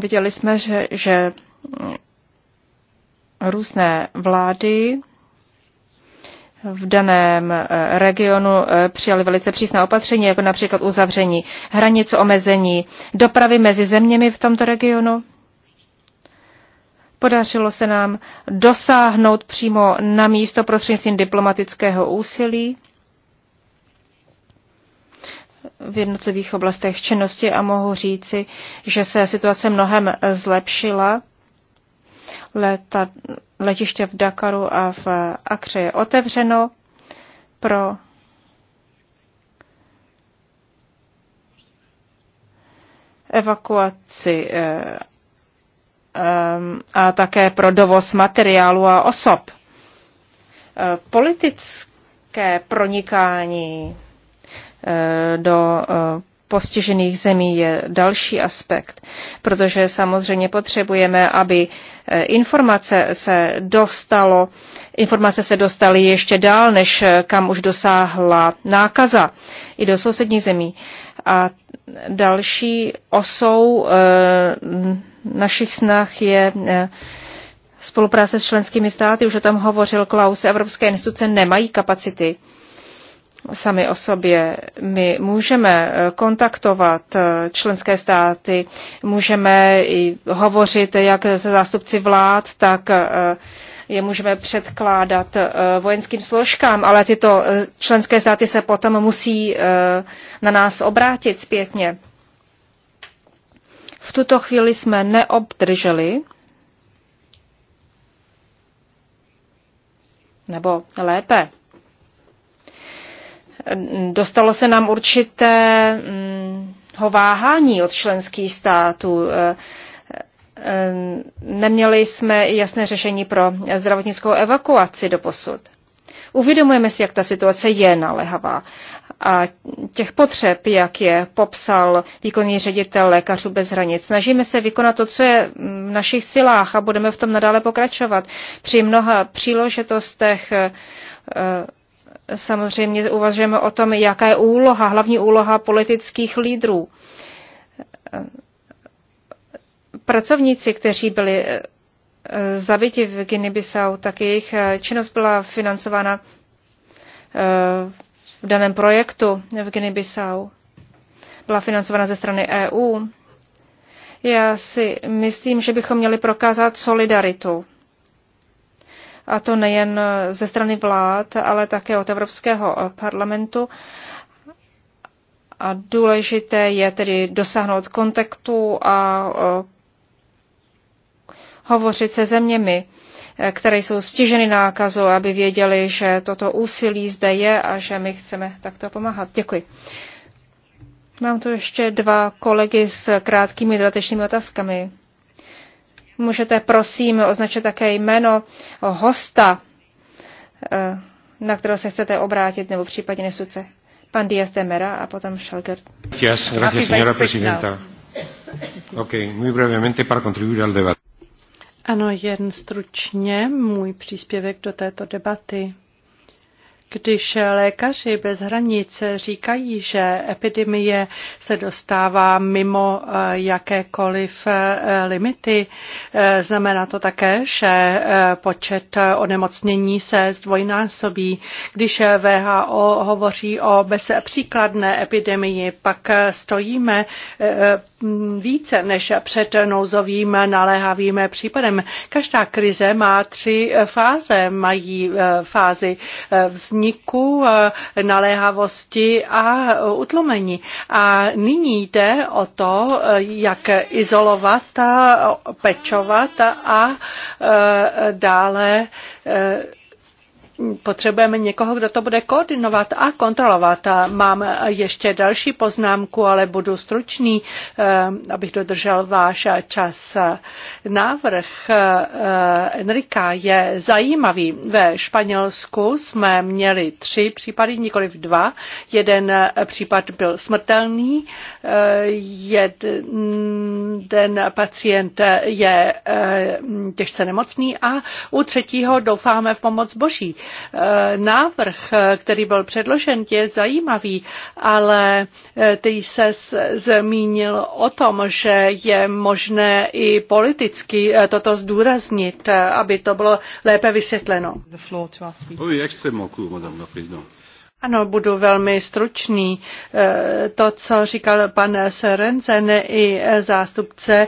Viděli jsme, že, že mm, různé vlády v daném eh, regionu eh, přijali velice přísná opatření, jako například uzavření hranic, omezení dopravy mezi zeměmi v tomto regionu. Podařilo se nám dosáhnout přímo na místo prostřednictvím diplomatického úsilí v jednotlivých oblastech činnosti a mohu říci, že se situace mnohem zlepšila. Leta, Letiště v Dakaru a v Akře je otevřeno pro evakuaci eh, eh, a také pro dovoz materiálu a osob. Eh, politické pronikání do postižených zemí je další aspekt, protože samozřejmě potřebujeme, aby eh, informace se dostalo, informace se dostaly ještě dál, než eh, kam už dosáhla nákaza i do sousedních zemí. A další osou eh, našich snah je spolupráce s členskými státy, už o tom hovořil Klaus, evropské instituce nemají kapacity sami o sobě. My můžeme eh, kontaktovat eh, členské státy, můžeme i hovořit jak se zástupci vlád, tak eh, je můžeme předkládat vojenským složkám, ale tyto členské státy se potom musí na nás obrátit zpětně. V tuto chvíli jsme neobdrželi, nebo lépe, Dostalo se nám určité mm, váhání od členských států. E, e, neměli jsme jasné řešení pro zdravotnickou evakuaci do posud. Uvědomujeme si, jak ta situace je naléhavá. A těch potřeb, jak je popsal výkonný ředitel Lékařů bez hranic, snažíme se vykonat to, co je v našich silách a budeme v tom nadále pokračovat. Při mnoha příležitostech e, Samozřejmě uvažujeme o tom, jaká je úloha, hlavní úloha politických lídrů. Pracovníci, kteří byli eh, zabiti v Guinea-Bissau, tak jejich eh, činnost byla financována eh, v daném projektu v Guinea-Bissau. Byla financována ze strany EU. Já si myslím, že bychom měli prokázat solidaritu a to nejen ze strany vlád, ale také od Evropského parlamentu. A důležité je tedy dosáhnout kontaktu a hovořit se zeměmi, které jsou stiženy nákazou, aby věděli, že toto úsilí zde je a že my chceme takto pomáhat. Děkuji. Mám tu ještě dva kolegy s krátkými dodatečnými otázkami. Můžete prosím označit také jméno hosta, eh, na kterého se chcete obrátit, nebo případně nesuce. Pan Díaz de Mera a potom Schalger. Yes, gracias, señora presidenta. Ok, muy brevemente para contribuir al debate. Ano, jen stručně můj příspěvek do této debaty. Když lékaři bez hranic říkají, že epidemie se dostává mimo eh, jakékoliv eh, limity, eh, znamená to také, že počet onemocnění se zdvojnásobí. Když VHO hovoří o bezpříkladné epidemii, pak stojíme více než před nouzovým naléhavým případem. Každá krize má tři fáze. Mají eh, fázi eh, vzniku, eh, naléhavosti a utlumení. A nyní jde o to, jak izolovat, pečovat a dále potřebujeme někoho, kdo to bude koordinovat a kontrolovat. A mám ještě další poznámku, ale budu stručný, eh, abych dodržel váš čas. Návrh eh, Enrika je zajímavý. Ve Španělsku jsme měli tři případy, nikoli dva. Jeden eh, případ byl smrtelný, jeden pacient je těžce nemocný a u třetího doufáme v pomoc Boží. Eh, návrh, eh, který byl předložen, je zajímavý, ale eh, ty se zmínil o tom, že je možné i politicky toto zdůraznit, aby to bylo lépe vysvětleno. Oui, extrêmement court, madame la présidente. Ano, budu velmi stručný. Eh, to, co říkal pan Serenzen i zástupce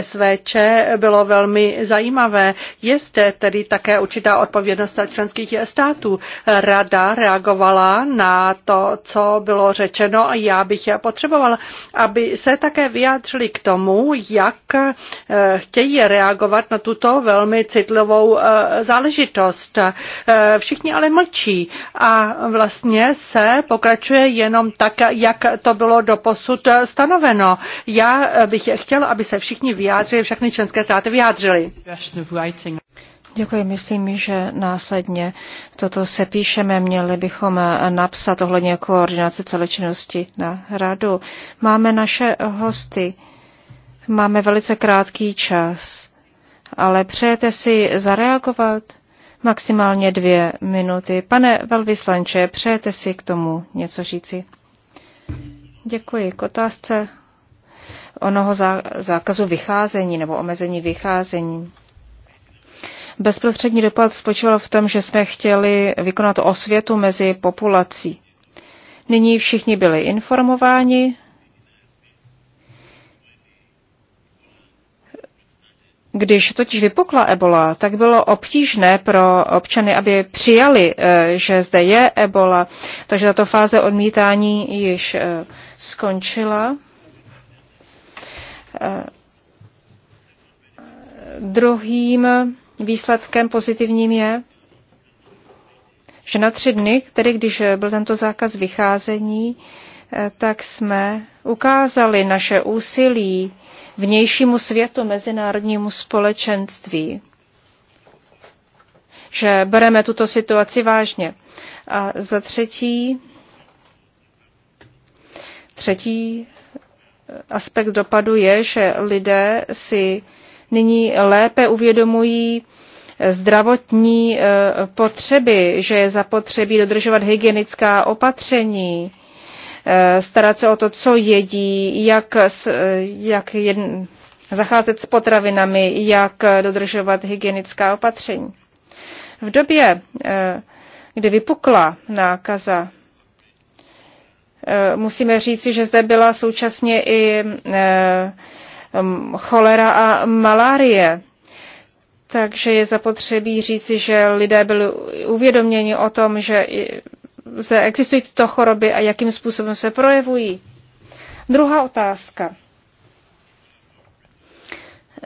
SVČ, bylo velmi zajímavé. Je zde tedy také určitá odpovědnost členských států. Rada reagovala na to, co bylo řečeno a já bych potřeboval, aby se také vyjádřili k tomu, jak eh, chtějí reagovat na tuto velmi citlivou eh, záležitost. Všichni ale mlčí a vlastně vlastně se pokračuje jenom tak, jak to bylo doposud stanoveno. Já eh, bych chtěla, aby se všichni vyjádřili, všechny členské státy vyjádřili. Děkuji, myslím, že následně toto se píšeme, měli bychom eh, napsat ohledně koordinace celé činnosti na radu. Máme naše hosty, máme velice krátký čas, ale přejete si zareagovat? maximálně dvě minuty. Pane velvyslanče, přejete si k tomu něco říci? Děkuji. K otázce onoho zákazu vycházení nebo omezení vycházení. Bezprostřední dopad spočíval v tom, že jsme chtěli vykonat osvětu mezi populací. Nyní všichni byli informováni, Když totiž vypukla ebola, tak bylo obtížné pro občany, aby přijali, eh, že zde je ebola. Takže tato fáze odmítání již eh, skončila. Eh, druhým výsledkem pozitivním je, že na tři dny, tedy když byl tento zákaz vycházení, tak jsme ukázali naše úsilí vnějšímu světu, mezinárodnímu společenství. Že bereme tuto situaci vážně. A za třetí, třetí eh, aspekt dopadu je, že lidé si nyní lépe uvědomují eh, zdravotní eh, potřeby, že je zapotřebí dodržovat hygienická opatření, Eh, starat se o to, co jedí, jak, eh, jak jedn, zacházet s potravinami, jak eh, dodržovat hygienická opatření. V době, kdy vypukla nákaza, musíme říci, že zde byla současně i cholera a malárie. Takže je zapotřebí říci, že lidé byli uvědoměni o tom, že lze, existují tyto choroby a jakým způsobem se projevují. Druhá otázka.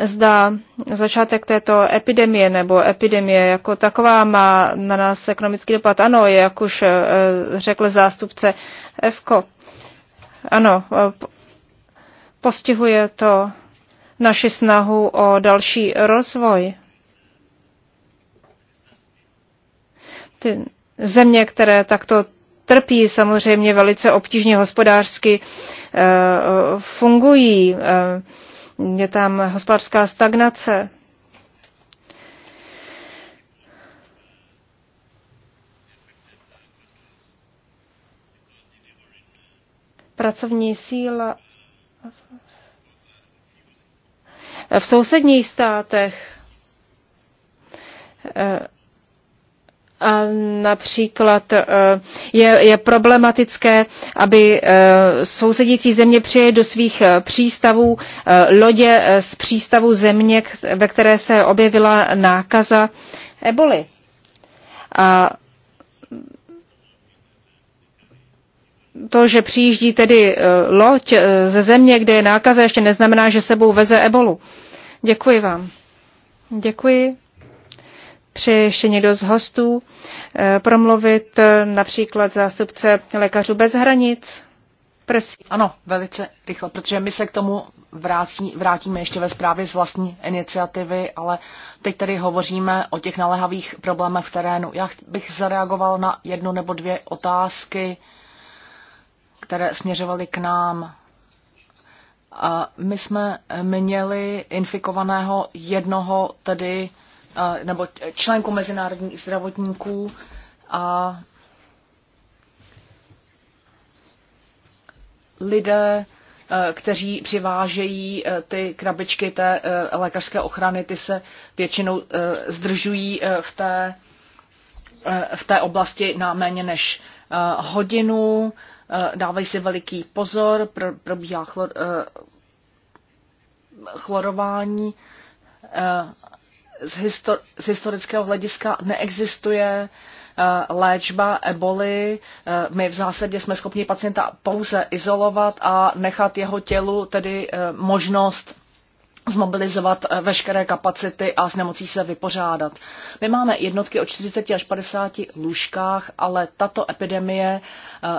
Zda začátek této epidemie nebo epidemie jako taková má na nás ekonomický dopad. Ano, jak už eh, řekl zástupce EFKO. Ano, eh, postihuje to naši snahu o další rozvoj. Ty Země, které takto trpí, samozřejmě velice obtížně hospodářsky eh, fungují. Eh, je tam hospodářská stagnace. Pracovní síla v sousedních státech eh, například eh, je, je problematické, aby eh, sousedící země přijeli do svých eh, přístavů lodě z přístavu země, ve které se objevila nákaza eboli. A to, že přijíždí tedy loď ze země, kde je nákaza, ještě neznamená, že sebou veze ebolu. Děkuji vám. Děkuji. Přeje ještě někdo z hostů eh, promluvit eh, například zástupce lékařů bez hranic? Prosím. Ano, velice rychle, protože my se k tomu vrátí, vrátíme ještě ve zprávě z vlastní iniciativy, ale teď tady hovoříme o těch naléhavých problémech v terénu. Já bych zareagoval na jednu nebo dvě otázky, které směřovaly k nám. My jsme měli infikovaného jednoho tedy nebo členku mezinárodních zdravotníků a lidé, e, kteří přivážejí e, ty krabičky té e, lékařské ochrany, ty se většinou zdržují v té, v té oblasti na méně než hodinu, dávají si veliký pozor, probíhá chlor, chlorování z, histor- z historického hlediska neexistuje eh, léčba eboli. Eh, my v zásadě jsme schopni pacienta pouze izolovat a nechat jeho tělu tedy eh, možnost zmobilizovat veškeré kapacity a s nemocí se vypořádat. My máme jednotky o 40 až 50 lůžkách, ale tato epidemie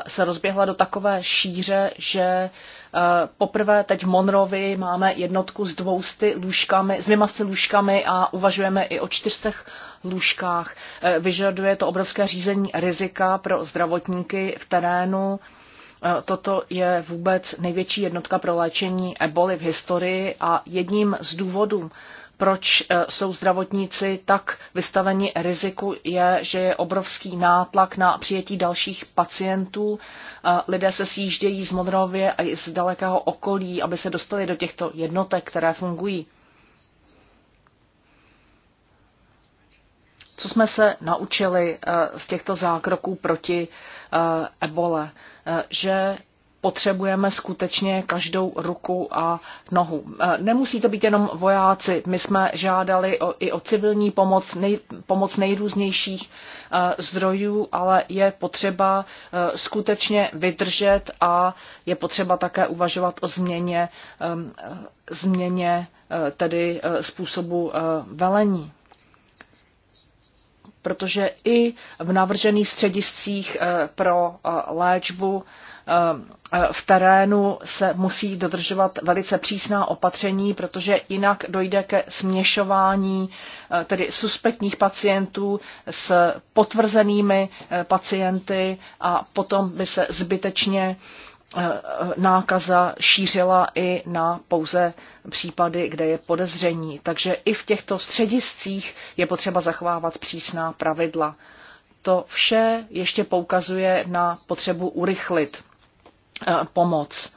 se rozběhla do takové šíře, že Eh, poprvé teď v Monrovi máme jednotku s dvousty lůžkami, s dvěmasty lůžkami a uvažujeme i o čtyřech lůžkách. Eh, vyžaduje to obrovské řízení rizika pro zdravotníky v terénu. Eh, toto je vůbec největší jednotka pro léčení eboli v historii a jedním z důvodů proč eh, jsou zdravotníci tak vystaveni riziku, je, že je obrovský nátlak na přijetí dalších pacientů. Eh, lidé se sjíždějí z Modrově a i z dalekého okolí, aby se dostali do těchto jednotek, které fungují. Co jsme se naučili eh, z těchto zákroků proti ebole? Že potřebujeme skutečně každou ruku a nohu. E, nemusí to být jenom vojáci, my jsme žádali o, i o civilní pomoc, nej, pomoc nejrůznějších e, zdrojů, ale je potřeba e, skutečně vydržet a je potřeba také uvažovat o změně, změně tedy způsobu velení protože i v navržených střediscích pro léčbu Eh, v terénu se musí dodržovat velice přísná opatření, protože jinak dojde ke směšování eh, tedy suspektních pacientů s potvrzenými eh, pacienty a potom by se zbytečně nákaza šířila i na pouze případy, kde je podezření. Takže i v těchto střediscích je potřeba zachovávat přísná pravidla. To vše ještě poukazuje na potřebu urychlit Eh, pomoc.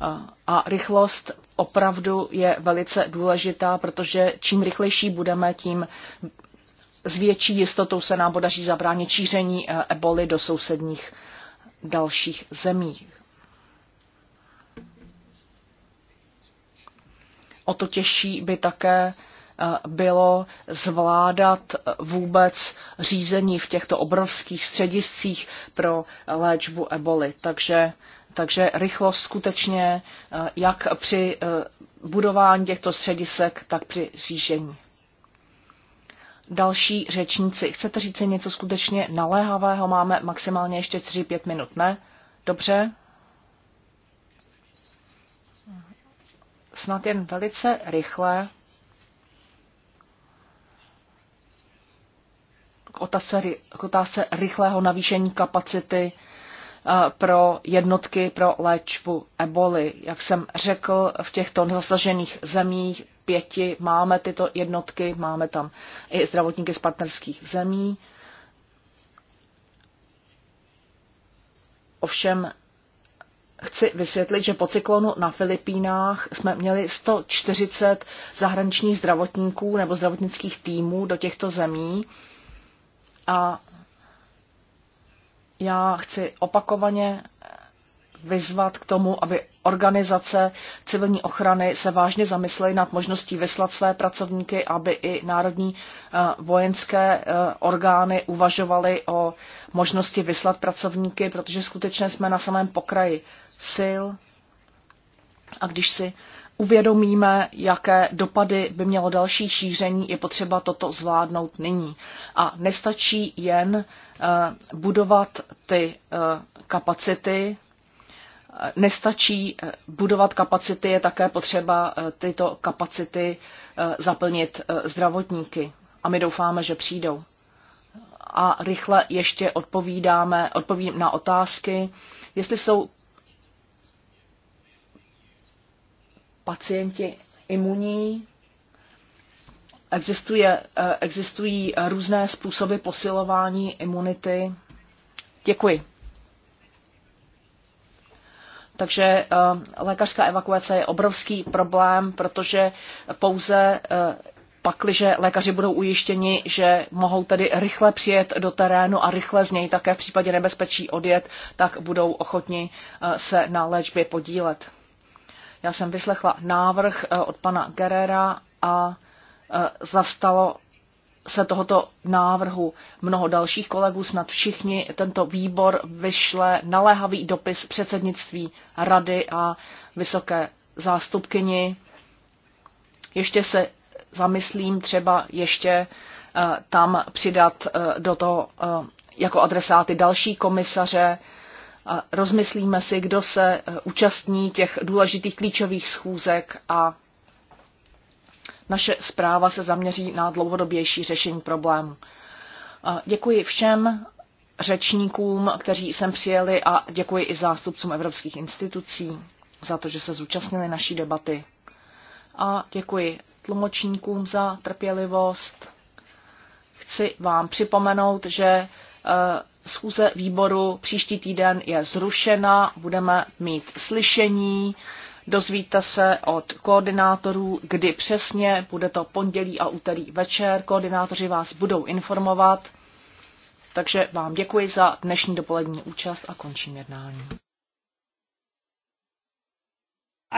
Eh, a rychlost opravdu je velice důležitá, protože čím rychlejší budeme, tím s větší jistotou se nám podaří zabránit šíření eh, eboli do sousedních dalších zemí. O to těžší by také bylo zvládat vůbec řízení v těchto obrovských střediscích pro léčbu eboli. Takže takže rychlost skutečně eh, jak při eh, budování těchto středisek, tak při řížení. Další řečníci, chcete říct si něco skutečně naléhavého? Máme maximálně ještě 3-5 minut, ne? Dobře? Snad jen velice rychle. K otázce, k otázce rychlého navýšení kapacity Eh, pro jednotky pro léčbu eboli. Jak jsem řekl, v těchto zasažených zemích pěti máme tyto jednotky, máme tam i zdravotníky z partnerských zemí. Ovšem chci vysvětlit, že po cyklonu na Filipínách jsme měli 140 zahraničních zdravotníků nebo zdravotnických týmů do těchto zemí a já chci opakovaně vyzvat k tomu, aby organizace civilní ochrany se vážně zamyslely nad možností vyslat své pracovníky, aby i národní eh, vojenské eh, orgány uvažovaly o možnosti vyslat pracovníky, protože skutečně jsme na samém pokraji sil. A když si uvědomíme, jaké dopady by mělo další šíření, je potřeba toto zvládnout nyní. A nestačí jen eh, budovat ty eh, kapacity, eh, nestačí budovat kapacity, je také potřeba tyto kapacity zaplnit zdravotníky. A my doufáme, že přijdou. A rychle ještě odpovídáme, odpovím na otázky, jestli jsou pacienti imunní. Existuje, eh, existují eh, různé způsoby posilování imunity. Děkuji. Takže eh, lékařská evakuace je obrovský problém, protože pouze pakliže lékaři budou ujištěni, že mohou tedy rychle přijet do terénu a rychle z něj také v případě nebezpečí odjet, tak budou ochotni se na léčbě podílet. Já jsem vyslechla návrh eh, od pana Gerera a eh, zastalo se tohoto návrhu mnoho dalších kolegů, snad všichni. Tento výbor vyšle naléhavý dopis předsednictví rady a vysoké zástupkyni. Ještě se zamyslím třeba ještě eh, tam přidat do toho jako adresáty další komisaře, rozmyslíme si, kdo se e, účastní těch důležitých klíčových schůzek a naše zpráva se zaměří na dlouhodobější řešení problému. E, děkuji všem řečníkům, kteří sem přijeli a děkuji i zástupcům evropských institucí za to, že se zúčastnili naší debaty. A děkuji tlumočníkům za trpělivost. Chci vám připomenout, že Eh, schůze výboru příští týden je zrušena, budeme mít slyšení, dozvíte se od koordinátorů, kdy přesně, bude to pondělí a úterý večer, koordinátoři vás budou informovat. Takže vám děkuji za dnešní dopolední účast a končím jednání.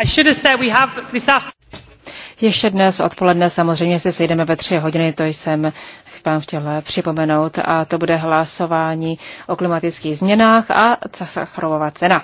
I should have said we have this afternoon. Ještě dnes odpoledne samozřejmě se sejdeme ve tři hodiny, to jsem vám chtěla připomenout, a to bude hlasování o klimatických změnách a Sacharovova cena.